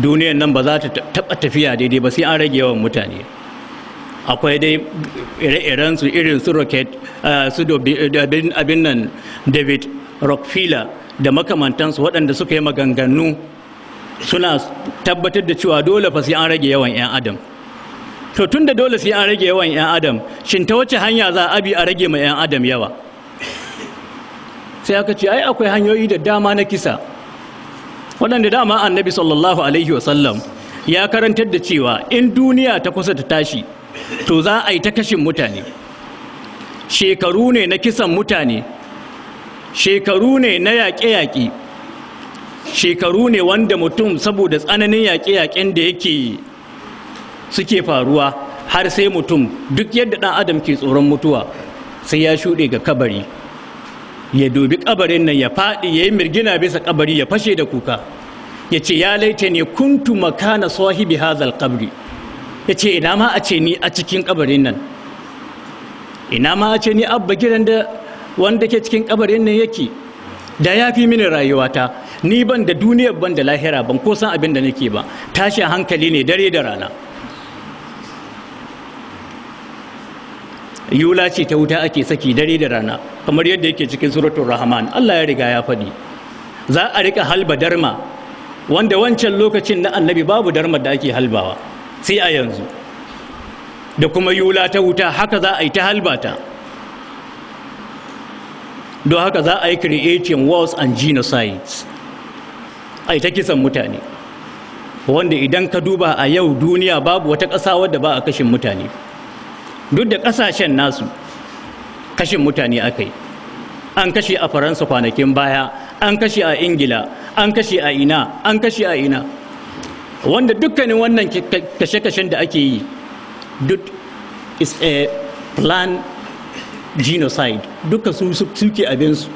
Duniyar nan ba za ta taba tafiya daidai ba sai an rage yawan mutane akwai dai ire-iren su irin su rocket eh, su abin nan david rockefeller da makamantansu waɗanda suka yi maganganu suna tabbatar da cewa dole fa sai an rage yawan 'yan adam to tunda da dole sai an rage yawan 'yan adam shin ta wace hanya za a bi a rage ma 'yan adam yawa sai aka ce ai akwai hanyoyi da dama na kisa waɗanda dama annabi sallallahu alaihi wasallam ya karantar da cewa in duniya ta kusa ta tashi to za a yi ta kashin mutane shekaru ne na kisan mutane shekaru ne na yaƙe-yaƙe shekaru ne wanda mutum saboda tsananin yaƙe-yaƙen da yake suke faruwa har sai mutum duk yadda ɗan adam ke tsoron mutuwa sai ya shuɗe ga kabari ya dubi kabarin nan ya faɗi ya yi mirgina bisa kabari ya fashe da kuka ya ce ya laita ne kuntu makana sahibi hazal kabri ya ce ina ma a ce ni a cikin kabarin nan ina ma a ce ni abba gidan da wanda ke cikin kabarin nan yake da ya fi mini rayuwata ni ban da duniyar ban da lahira ban ko san abin da nake ba tashin hankali ne dare da rana yula ce ta wuta ake saki dare da rana kamar yadda yake cikin suratul rahman Allah ya riga ya faɗi za a rika halba darma wanda wancan lokacin na annabi babu darma da ake halbawa sai a yanzu da kuma yula ta wuta haka za a yi ta halbata don haka za a yi creating wars and genocides a ta kisan mutane wanda idan ka duba a yau duniya babu wata ƙasa wadda ba a kashin mutane duk da ƙasashen nasu kashin mutane aka yi an kashe a faransa kwanakin baya an kashe a ingila an kashe a ina an kashe a ina wanda dukkanin wannan kashe-kashen da ake yi duk is a eh, plan genocide duka su suke abinsu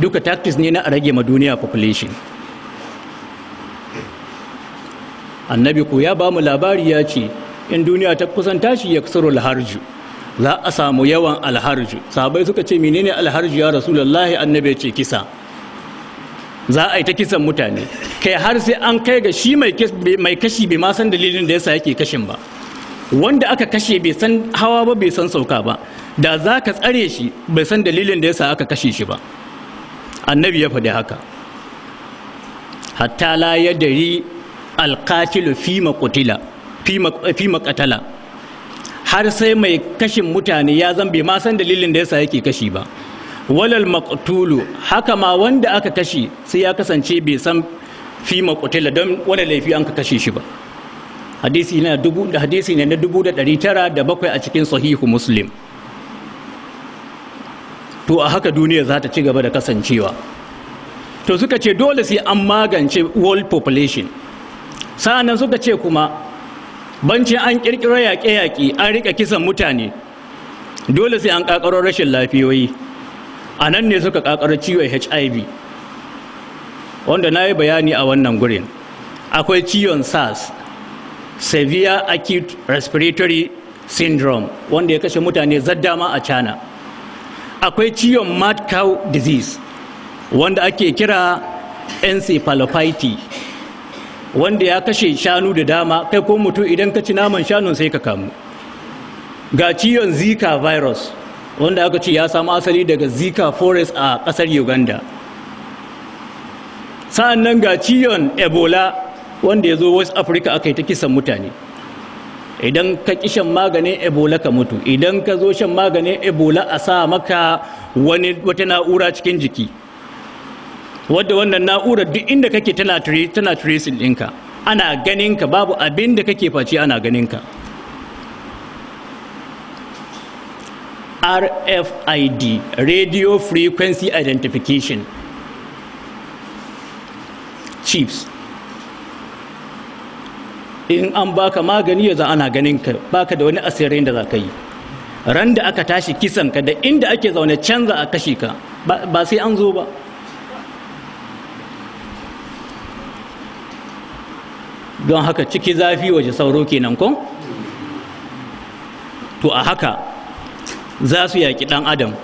duka tactics ne na a rage ma duniya population annabi ko ya ba mu labari ya ce in duniya ta kusan tashi ya kasaro alharju za a samu yawan alharju sabai suka ce menene alharju ya rasulullahi annabi ce kisa za a yi ta kisan mutane kai har sai an kai ga shi mai kashi bai ma san dalilin da yasa yake kashin ba wanda aka kashe bai san hawa ba bai san sauka ba da za ka tsare shi bai san dalilin da yasa aka kashe shi ba annabi ya faɗi haka hatta la ya dari alƙatilu fi makatala har sai mai kashin mutane ya zan bai ma san dalilin da yasa yake kashi ba walal maqtulu haka ma wanda aka kashe sai ya kasance bai san fi makutila don wani laifi an ka kashe shi ba hadisi ne na dubu da ɗari tara da bakwai a cikin sahihu muslim to a haka duniya za ta ci gaba da kasancewa to suka ce dole sai an magance world population sa'annan suka ce kuma bancin an kirkiro yaƙe-yaƙe an rika kisan mutane dole sai an ƙaƙaro rashin lafiyoyi a nan ne suka ƙaƙaro ciwon hiv wanda na yi bayani a wannan gurin akwai ciwon sars severe acute respiratory syndrome wanda ya kashe mutane zaddama a china akwai ciwon mad cow disease wanda ake kira encephalopathy wanda ya kashe shanu da dama kai ko mutum idan ka ci naman shanun sai ka kamu ga ciwon zika virus wanda aka ce ya samu asali daga zika forest a kasar uganda sa'an nan ga ciwon ebola wanda ya zo west africa aka yi ta kisan mutane idan ka ki shan maganin ebola ka mutu idan ka zo shan maganin ebola a sa maka wani wata na'ura cikin jiki wadda wannan na'ura duk inda kake tana tana tracing ɗinka ana ganin ka, babu abin da kake face ana ganin ganinka rfid radio frequency identification Chiefs. in an baka magani yanzu ana ganin ka baka da wani asirin da za ka yi ran da aka tashi kisan ka da inda ake zaune canza a kashe ka ba sai an zo ba don haka ciki zafi waje sauro kenan ko to a haka za su yaƙi ɗan adam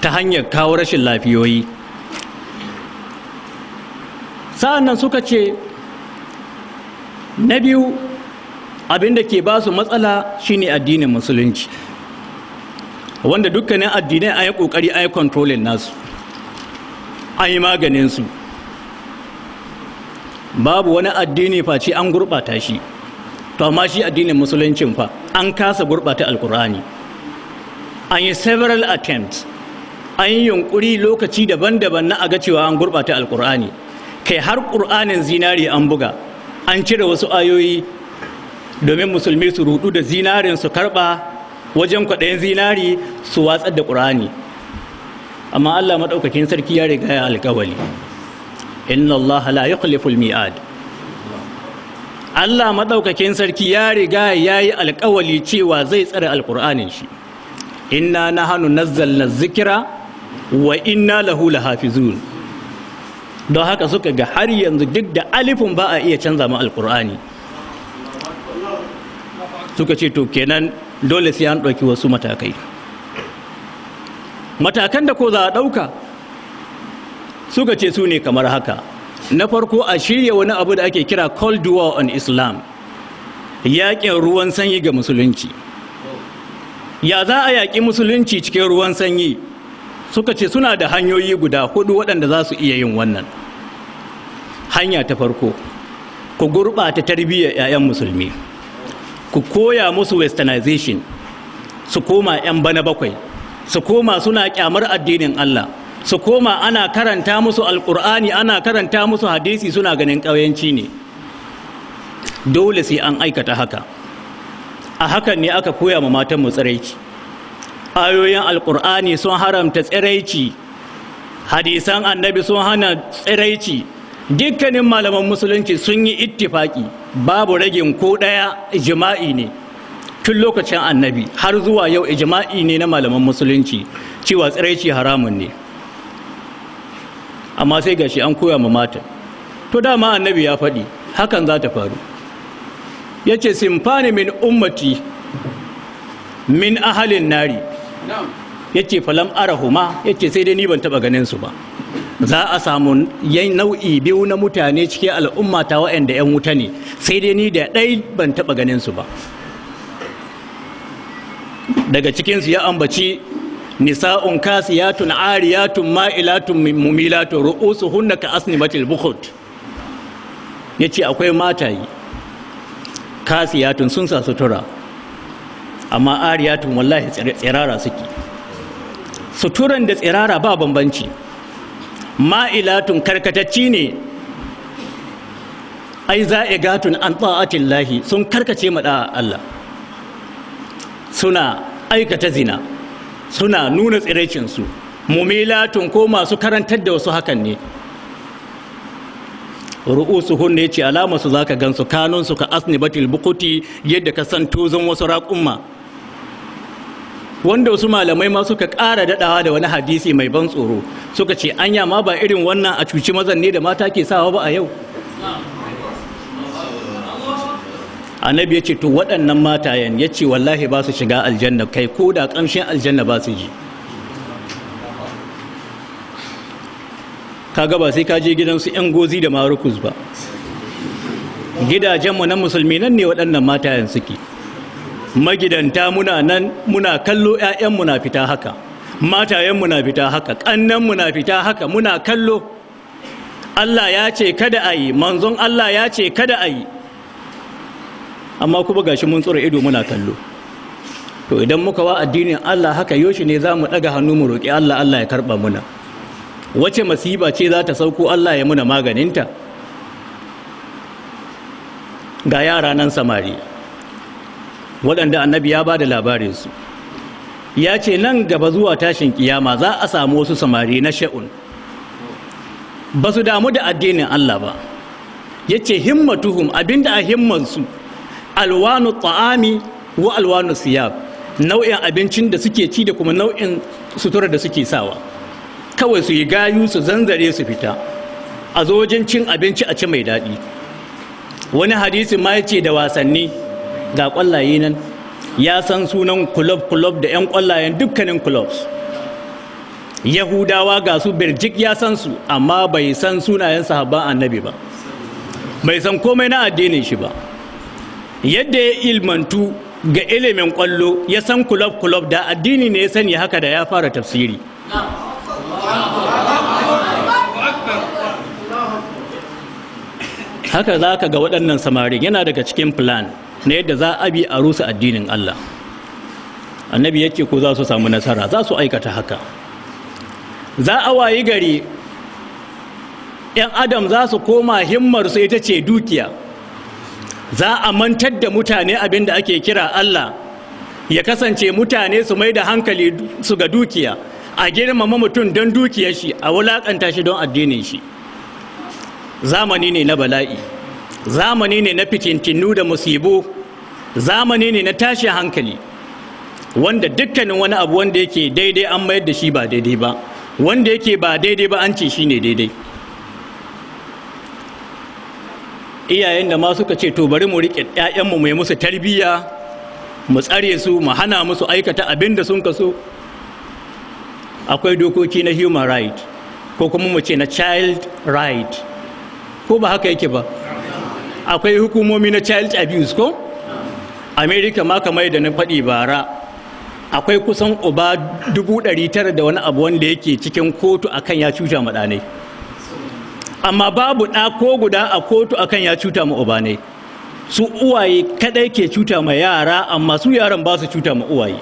ta hanyar kawo rashin lafiyoyi sa'an nan suka ce na biyu abinda ke ba su matsala shine addinin musulunci wanda dukkanin addinai a yi ƙoƙari a yi kontrolin nasu a yi maganinsu babu wani addini face an gurɓata shi to amma shi addinin musuluncin fa an kasa gurɓata alkur'ani an yi several attempts an yi yunƙuri lokaci daban-daban na aga cewa an gurɓata alkur'ani kai har ƙur'anin zinari an buga an cire wasu ayoyi domin musulmi su rudu da zinarin su karba wajen kwaɗayin zinari su watsar da ƙur'ani amma Allah maɗaukakin sarki ya riga ya alƙawali inna Allah la yukhliful mi'ad Allah maɗaukakin sarki ya riga ya yi alƙawali cewa zai tsare alƙur'anin shi inna nahanu nazzalna zikira wa inna lahu lahafizun don haka suka ga har yanzu duk da alifin ba a iya canza ma alkur'ani suka ce to kenan dole sai an ɗauki wasu matakai matakan da ko za a ɗauka suka ce su ne kamar haka na farko a shirya wani abu da ake kira cold war on islam yaƙin ruwan sanyi ga musulunci ya za a yaƙi musulunci cikin ruwan sanyi suka ce suna da hanyoyi guda hudu waɗanda za su iya yin wannan hanya ta farko ku gurɓata tarbiyyar 'ya'yan musulmi ku koya musu westernization su koma 'yan bana bakwai su koma suna kyamar addinin Allah su koma ana karanta musu alkur'ani ana karanta musu hadisi suna ganin ƙauyenci ne dole sai an aikata haka a hakan ne aka koya ma matan mu tsiraiki ayoyin alkur'ani sun haramta tsiraici hadisan annabi sun hana tsiraici dukkanin malaman musulunci sun yi ittifaki babu ragin ko ɗaya jima'i ne tun lokacin annabi har zuwa yau ijima'i ne na malaman musulunci cewa tsiraici haramun ne amma sai gashi an koya ma mata to dama annabi ya faɗi hakan za ta faru ya ce simfani min ummati min ahalin nari yace falam arahuma yace sai dai ni ban taba ganin su ba za a samu yan nau'i biyu na mutane cikin al'umma ta yan wuta ne sai dai ni da ɗai ban taba ganin su ba daga cikinsu ya ambaci nisa'un kasiyatun ariyatun ma'ilatun mumilatun hunna ka asnimatil bukhut yace akwai matayi kasiyatun sun sa sutura amma ariyatun wallahi tsirara suke suturan da tsirara ba bambanci ma'ilatun karkatacci ne ai gatun an ta'atin lahi sun karkace maɗa Allah suna aikata zina suna nuna tsiraicinsu mumilatun ko masu karantar da wasu hakan ne ru'usu hunne ce alamarsu za ka gansu kanunsu ka asnibatil bukuti yadda ka san tozon wasu raƙumma wanda wasu malamai ma suka ƙara daɗawa da wani hadisi mai ban tsoro suka ce anya ma ba irin wannan a cuci mazan ne da mata ke sawa ba a yau annabi ya ce to waɗannan matayen ya ce wallahi ba su shiga aljanna kai ko da ƙamshin aljanna ba su ji kaga ba sai ka je gidansu yan gozi da marukus ba gidajenmu na musulmi nan ne waɗannan matayen suke magidanta muna nan muna kallo yayan muna fita haka matayen na fita haka ƙannenmu na fita haka muna kallo Allah ya ce kada a yi manzon Allah ya ce kada a yi amma kuma gashi mun tsura ido muna kallo to idan muka wa addinin Allah haka yoshi ne za mu ɗaga hannu mu roƙi Allah Allah ya karɓa muna wace masiba ce za ta sauko Allah ya muna maganinta ga yara nan samari waɗanda annabi ya ba da labarinsu ya ce nan gaba zuwa tashin kiyama za a samu wasu samari na sha'un ba su damu da addinin Allah ba ya ce himmatuhum abinda a himmansu alwanu ta'ami wa alwanu siyab nau'in abincin da suke ci da kuma nau'in sutura da suke sawa kawai su yi gayu su zanzare su fita a zo wajen cin abinci a ci mai daɗi wani hadisi ma ya ce da wasanni ga ƙwallaye nan ya san sunan kulob-kulob da 'yan ƙwallayen dukkanin kulob. yahudawa ga su birjik ya san su amma bai san sunayen sahabban annabi ba bai san komai na addinin shi ba yadda ya ilmantu ga ilimin ƙwallo ya san kulob-kulob da addini ne ya sani haka da ya fara tafsiri haka za ka ga waɗannan samarin yana daga cikin plan na yadda za a bi a rusa addinin Allah annabi ya ce ko za su samu nasara za su aikata haka za a wayi gari 'yan adam za su koma himmar su ita ce dukiya za a mantar da mutane abin da ake kira Allah ya kasance mutane su mai da hankali su ga dukiya a girmama mutum don dukiya shi a wulaƙanta shi don addinin shi zamani ne na bala'i zamani ne na fikintinu da musibu zamani ne na tashin hankali wanda dukkanin wani abu wanda yake daidai an mayar da shi ba daidai ba wanda yake ba daidai ba an ce shi ne daidai iyayen da ma suka ce to bari mu riƙe 'ya'yanmu mai musu tarbiyya mu tsare su mu hana musu aikata abin da sun kaso akwai dokoki na human right ko kuma mu ce na child right ko ba haka yake ba akwai hukumomi na child abuse ko america ma kamar da na faɗi bara akwai kusan uba dubu ɗari tara da wani abu wanda yake cikin kotu akan ya cuta ma ɗanai amma babu ɗa ko guda a kotu akan ya cuta ma uba ne su uwaye kadai ke cuta ma yara amma su yaran ba su cuta ma uwaye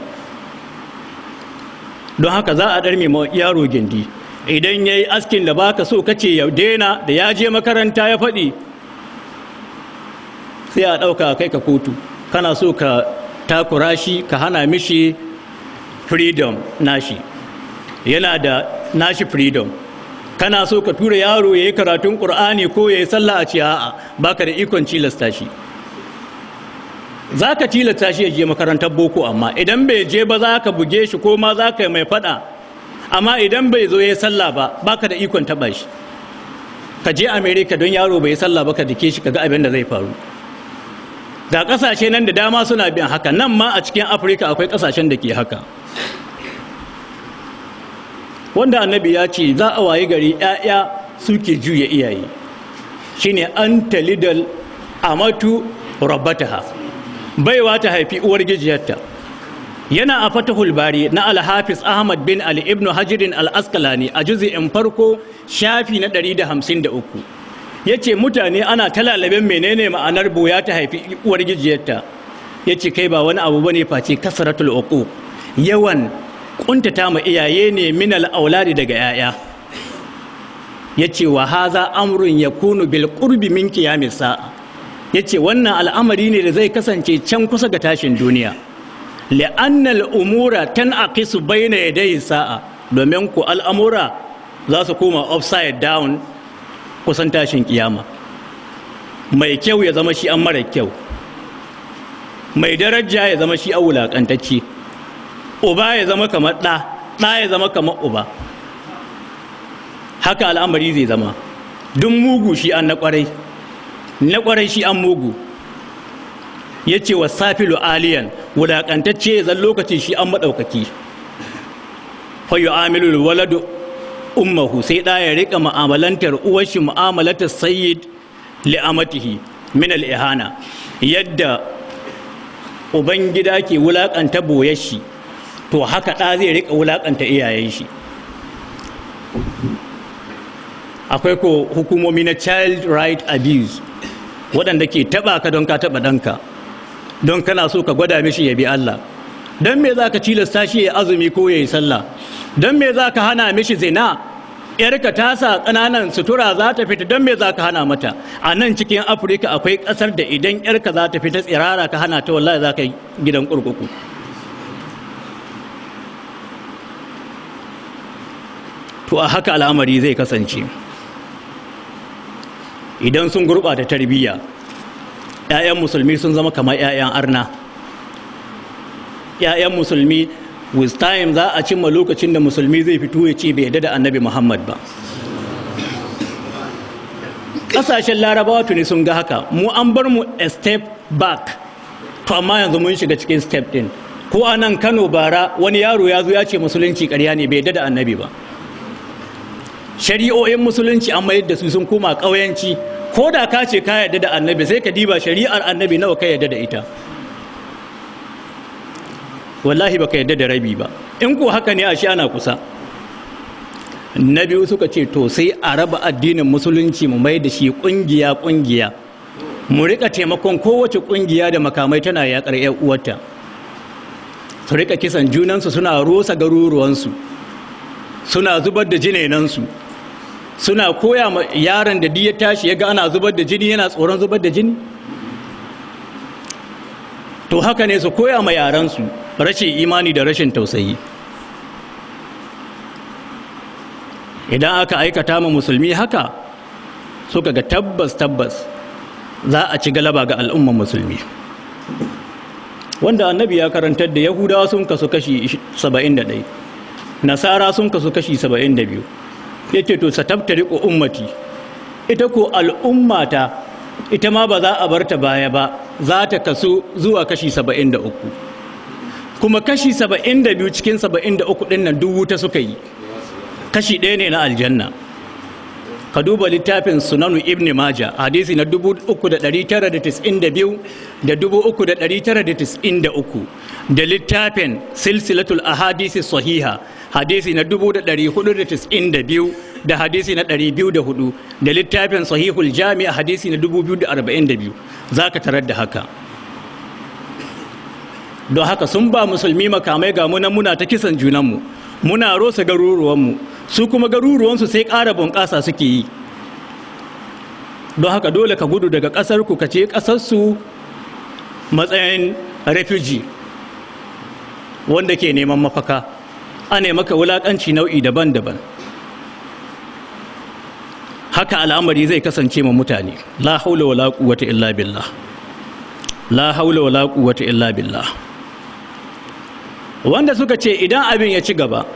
don haka za a ɗarme ma yaro gindi idan ya yi askin da baka so ka ce ya daina da ya je makaranta ya faɗi sai a ɗauka kai ka kotu kana so ka takura shi ka hana mishi freedom nashi yana da nashi freedom kana so ka tura yaro ya yi karatun ƙur'ani ko ya yi sallah a ce a'a baka da ikon cilasta shi za ka tilasta shi ya je makarantar boko amma idan bai je ba za ka buge shi ko ma za ka yi mai faɗa amma idan bai zo ya sallah ba baka da ikon taɓa shi ka je Amerika don yaro bai sallah ba ka dike shi kaga abin da zai faru ga ƙasashe nan da dama suna bin haka nan ma a cikin afirka akwai ƙasashen da ke haka wanda annabi ya ce za a wayi gari 'ya'ya suke juya iyaye shine an talidal amatu rabbataha baiwa ta haifi uwar gijiyarta yana a fatahul bari na alhafiz ahmad bin ali Ibnu hajirin al-askalani a juzi'in farko shafi na 153 ya ce mutane ana talalabin menene ma'anar boya ta haifi uwar gijiyarta ya ce kai ba wani abu bane face kasaratul uku yawan kuntata ma iyaye ne min al-auladi daga yaya ya ce wa haza amrun yakunu bil qurbi min ya misa. ya ce wannan al'amari ne da zai kasance can kusa ga tashin duniya li'annal umura tan aqisu bayna yadayi sa'a domin ku al'amura za su koma upside down kusan tashin kiyama mai kyau ya zama shi an mara kyau mai daraja ya zama shi an wulakantacce uba ya zama kamar ɗa ɗa ya zama kamar uba haka al'amari zai zama duk mugu shi an na ƙwarai na ƙwarai shi an mugu ya ce wa safilu aliyan wulaƙantacce zan lokacin shi an maɗaukaki fayu amilul waladu ummahu sai ɗa ya riƙa mu'amalantar uwarshi ma'amalatar sayyid li'amatihi min al'ihana yadda Ubangida ke wulaƙanta boyashi, to haka ɗa zai riƙa wulaƙanta iyayen shi akwai ko hukumomi na child right abuse waɗanda ke taɓa ka don ka taɓa ɗanka don kana so ka gwada mishi ya bi Allah don me za ka cilasta shi ya azumi ko ya yi sallah don me za ka hana mishi zina yarka ta sa ƙananan sutura za ta fita don me za ka hana mata a nan cikin afirka akwai ƙasar da idan yarka za ta fita tsirara ka hana ta wallahi za ka yi gidan kurkuku to a haka al'amari zai kasance idan sun gurɓata tarbiyya 'ya'yan musulmi sun zama kamar 'ya'yan arna 'ya'yan musulmi with time za a cimma lokacin da musulmi zai fito ya ce bai da annabi muhammad ba ƙasashen larabawa tuni sun ga haka mu an bar mu a step back to amma yanzu mun shiga cikin step din ko a nan kano bara wani yaro ya zo ya ce musulunci ƙarya ne bai da annabi ba shari'o'in musulunci an mayar da su sun koma ƙauyenci, ko da ka ce ka yarda da annabi sai ka diba shari'ar annabi nawa ka yarda da ita wallahi baka yarda da rabi ba in ko haka ne a shi ana kusa na biyu suka ce to sai a raba addinin musulunci mu mai da shi kungiya kungiya mu rika taimakon kowace kungiya da makamai tana yakar yan uwarta su rika kisan junansu suna rosa garuruwansu suna zubar da jinenansu suna koya ma yaron da ya tashi ya ga ana zubar da jini yana tsoron zubar da jini to haka ne su koya ma yaransu rashin imani da rashin tausayi idan aka aikata ma musulmi haka suka ga tabbas tabbas za a ci galaba ga al'umman musulmi wanda annabi ya karantar da yahudawa sun kasu kashi 71 nasara sun kasu kashi 72 Yake to sataftariqu ummati ita ko al'ummata ita ma ba za a bar ta baya ba za ta kasu zuwa kashi 73 kuma kashi 72 cikin 73 din nan dubu ta suka yi kashi ɗaya ne na aljanna ka duba littafin sunanu ibn maja hadisi na 3,992 da 3,993 da littafin silsilatul ahadisi sahiha hadisi na dubu da hadisi na 204 da littafin sahihul jami'a hadisi na 2042 za ka tarar da haka don haka sun ba musulmi makamai ga munan muna ta kisan junanmu muna rosa garuruwanmu su kuma garuruwansu sai ƙara bunƙasa suke yi don haka dole ka gudu daga ƙasarku ka ce ƙasarsu matsayin refugee wanda ke neman mafaka ane maka wulakanci nau'i daban-daban haka al'amari zai kasance ma mutane la haula wala quwwata illa billah la haula wala quwwata illa billah wanda suka ce idan abin ya ci gaba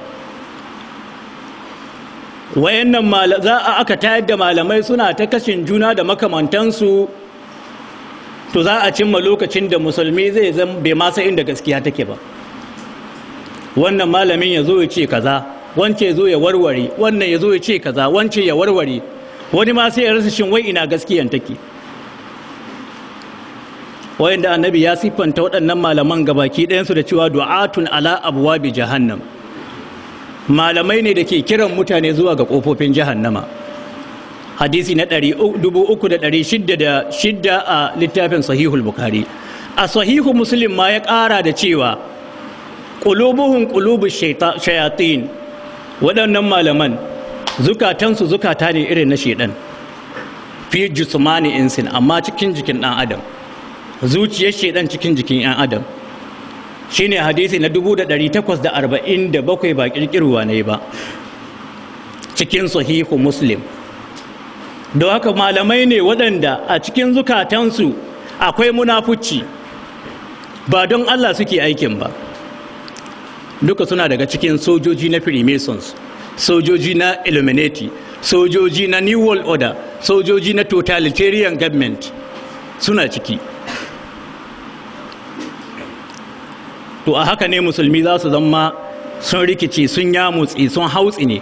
wayannan za a aka tayar da malamai suna ta kashin juna da makamantansu to za a cimma lokacin da musulmi zai zama bai masa inda gaskiya take ba wannan malamin ya zo ya ce kaza wance ya zo ya warware wannan ya zo ya ce kaza wance ya warware wani ma sai ya rasa shin wai ina gaskiyan take wayanda annabi ya siffanta waɗannan malaman gabaki ɗayansu da cewa du'atun ala abwabi jahannam malamai ne da ke kiran mutane zuwa ga ƙofofin jahannama hadisi na shida a littafin sahihul bukari a sahihu muslim ma ya ƙara da cewa ƙulubuhun qulubu shayatin waɗannan malaman zukatansu zukata ne irin na shaidan fi jisumani insin amma cikin jikin ɗan adam zuciyar shaidan cikin jikin ɗan adam Shi ne hadisi na 1847 ba ƙirƙirwa ne ba cikin sahihu muslim da haka malamai ne waɗanda a cikin zukatansu akwai munafuci ba don Allah suke aikin ba duka suna daga cikin sojoji na freemasons sojoji na illuminati sojoji na new world order sojoji na totalitarian government suna ciki to a haka ne musulmi za su zama sun rikici sun yamutsi sun hautsi ne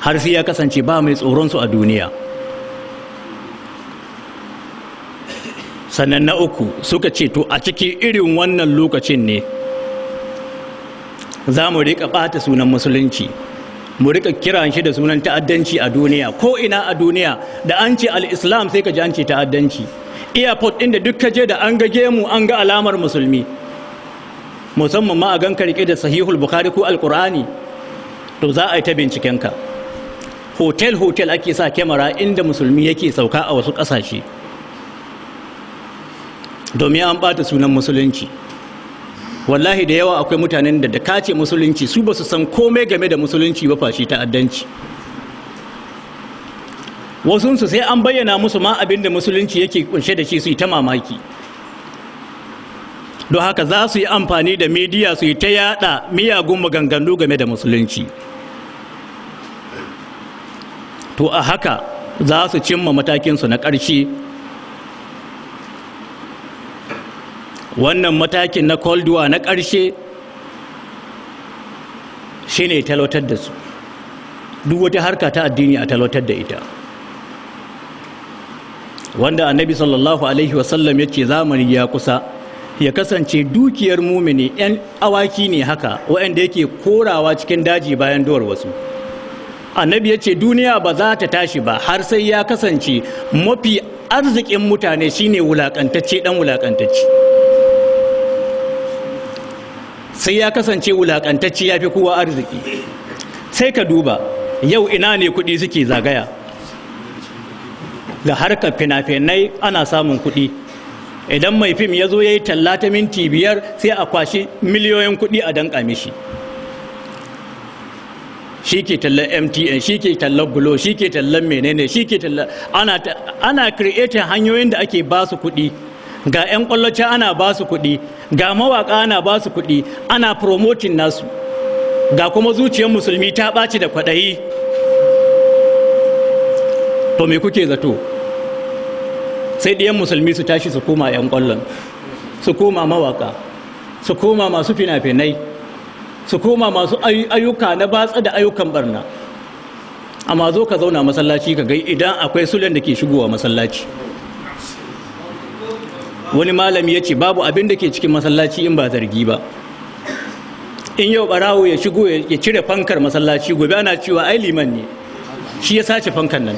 har sai ya kasance ba mai tsoron su a duniya sannan na uku suka ce to a ciki irin wannan lokacin ne za mu rika ɓata sunan musulunci mu rika kiran shi da sunan ta'addanci a duniya ko ina a duniya da an ce al-islam sai ka ji an ce ta'addanci airport ɗin da duk ka je da an ga gemu an ga alamar musulmi musamman ma a ganka rike da sahihul bukhari ko Alkurani to za a yi ta binciken ka. hotel hotel ake sa kyamara inda musulmi yake sauka a wasu ƙasashe domin an ɓata sunan musulunci wallahi da yawa akwai mutanen da da kace musulunci su ba su san komai game da musulunci ba fashi ta'addanci wasunsu sai an bayyana musu ma abin da musulunci yake kunshe da shi su yi ta mamaki don haka za su yi amfani da midiya su yi ta yada miyagun maganganu game da musulunci to a haka za su cimma matakinsu na ƙarshe wannan matakin na cold war na ƙarshe shine talautar da su duk wata harka ta addini a talautar da ita wanda annabi sallallahu alaihi wasallam ya ce zamani ya kusa ya kasance dukiyar mumini 'yan awaki ne haka waɗanda yake korawa cikin daji bayan duwar wasu annabi ya ce duniya ba za ta tashi ba har sai ya kasance mafi arzikin mutane shine wulakantacce dan wulakantacce sai ya kasance wulakantacci ya fi kowa arziki sai ka duba yau ina ne kuɗi suke zagaya da harka fina-finai ana samun kuɗi idan mai fim ya zo ya yi talla ta minti biyar sai a kwashi miliyoyin kuɗi a don shi ke tallar mtn shi ke tallar glo shi ke tallar menene shi ke tallar ana creating hanyoyin da ake basu su kuɗi ga 'yan kwalloci ana ba su kuɗi ga mawaƙa ana ba su kuɗi ana promoting nasu ga kuma zuciyar musulmi ta ɓaci da kwaɗayi to me kuke zato sai ɗiyan musulmi su tashi su koma 'yan kwallon su koma mawaƙa su koma masu fina-finai su koma masu ayyuka na batsa da ayyukan barna amma zo ka zauna masallaci ka gai idan akwai sulen da ke shigowa masallaci wani malami ya ce babu abin da ke cikin masallaci in ba zargi ba in yau barawo ya shigo ya cire fankar masallaci gobe ana cewa ai liman ne shi ya sace fankar nan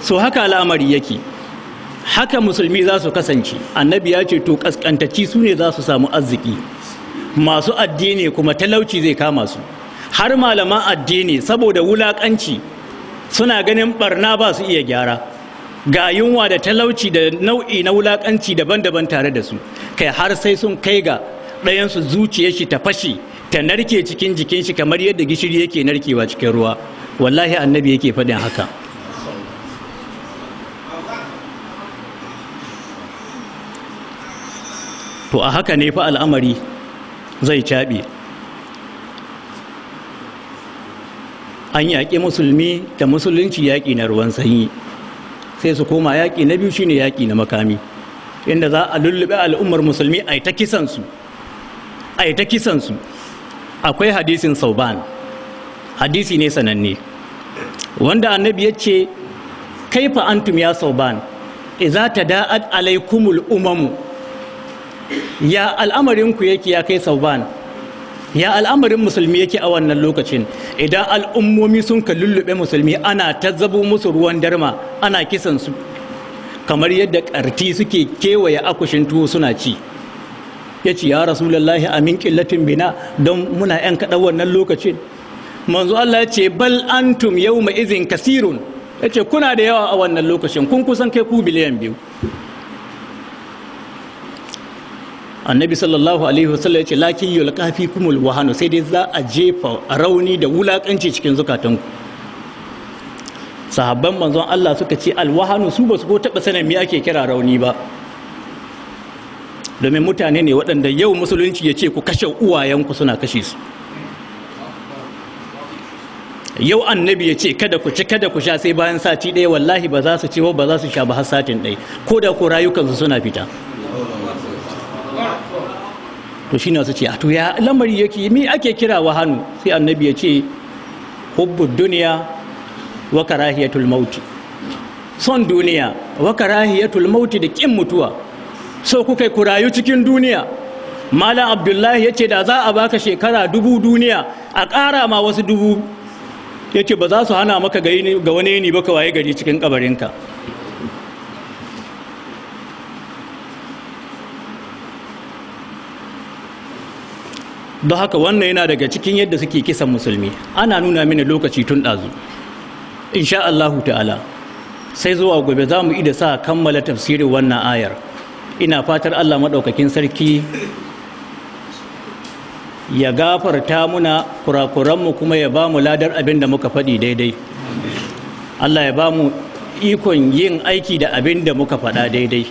so haka al'amari yake haka musulmi za su kasance annabi ya ce to kaskantacci su ne za su samu arziki masu addini kuma talauci zai kama su har malaman addini saboda wulakanci suna ganin barna ba su iya gyara ga yunwa da talauci da nau'i na wulakanci daban-daban tare da su kai har sai sun kai ga ɗayansu zuciyar shi ta fashe ta narke cikin jikin shi kamar yadda gishiri yake narkewa cikin ruwa wallahi annabi yake faɗin haka to a haka ne fa al'amari zai caɓe an yaƙi musulmi da musulunci yaƙi na ruwan sanyi sai su koma yaƙi na biyu shine yaƙi na makami inda za a lullube al'ummar musulmi a ta kisansu a ta kisansu akwai hadisin sauban hadisi ne sananne wanda annabi ya ce kaifa antum ya sauban iza ta da'at alaikumul umamu ya al'amarinku yake ya kai sauban ya al'amarin musulmi yake a wannan lokacin idan al'ummomi sun ka lullube musulmi ana ta zabo musu ruwan darma ana kisan su kamar yadda karti suke kewaye akushin tuwo suna ci ya ci ya rasulallahi amin ƙillatin bina don muna 'yan kaɗan wannan lokacin manzo Allah ya ce bal antum yau ma izin kasirun ya ce kuna da yawa a wannan lokacin kun kusan kai ku biliyan biyu annabi sallallahu alaihi wasallam ya ce lakin yul fi kumul wahanu sai dai za a jefa rauni da wulakanci cikin zukatanku sahabban manzon Allah suka ce alwahanu su ba su ko taba sanin me ake kira rauni ba domin mutane ne waɗanda yau musulunci ya ce ku kashe uwayenku suna kashe su yau annabi ya ce kada ku ci kada ku sha sai bayan sati ɗaya wallahi ba za su ci ba za su sha ba har satin ɗaya ko da ko rayukansu suna fita to shine su ce a ah, to ya lamari yake mi ake kira wa hannu sai annabi ya ce hubbu duniya wa karahiyatul mauti son duniya wa karahiyatul mauti da kin mutuwa so kuka ku rayu cikin duniya malam abdullahi ya ce da za a baka shekara dubu duniya a ƙara ma wasu dubu ya ce ba za su hana maka ga wani ne ba ka waye gari cikin kabarinka don haka wannan yana daga cikin yadda suke kisan musulmi ana nuna mini lokaci tun ɗazu insha Allahu ta'ala sai zuwa gobe za mu ida sa kammala tafsirin wannan ayar ina fatar Allah maɗaukakin sarki ya gafarta muna kurakuranmu kuma ya ba mu ladar abin da muka faɗi daidai Allah ya ba mu ikon yin aiki da abin da muka faɗa daidai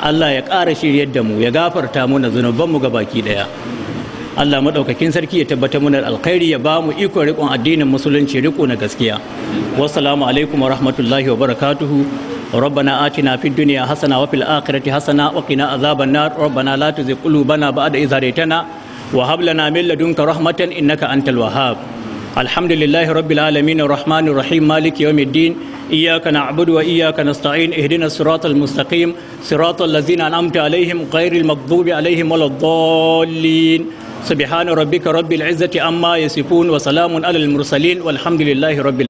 Allah ya ƙara shiryar da mu ya gafarta muna zunubanmu ga baki ɗaya Allah madaukakin sarki ya tabbatar mana alkhairi ya ba mu iko rikon addinin musulunci riko na gaskiya wassalamu alaikum wa rahmatullahi wa barakatuhu ربنا آتنا في الدنيا حسنة وفي الآخرة حسنة وقنا عذاب النار ربنا لا تزغ قلوبنا بعد إذ هديتنا وهب لنا من لدنك رحمة إنك أنت الوهاب الحمد لله رب العالمين الرحمن الرحيم مالك يوم الدين إياك نعبد وإياك نستعين اهدنا الصراط المستقيم صراط الذين أنعمت عليهم غير المغضوب عليهم ولا الضالين سبحان ربك رب العزة أما يسفون وسلام على المرسلين والحمد لله رب العالمين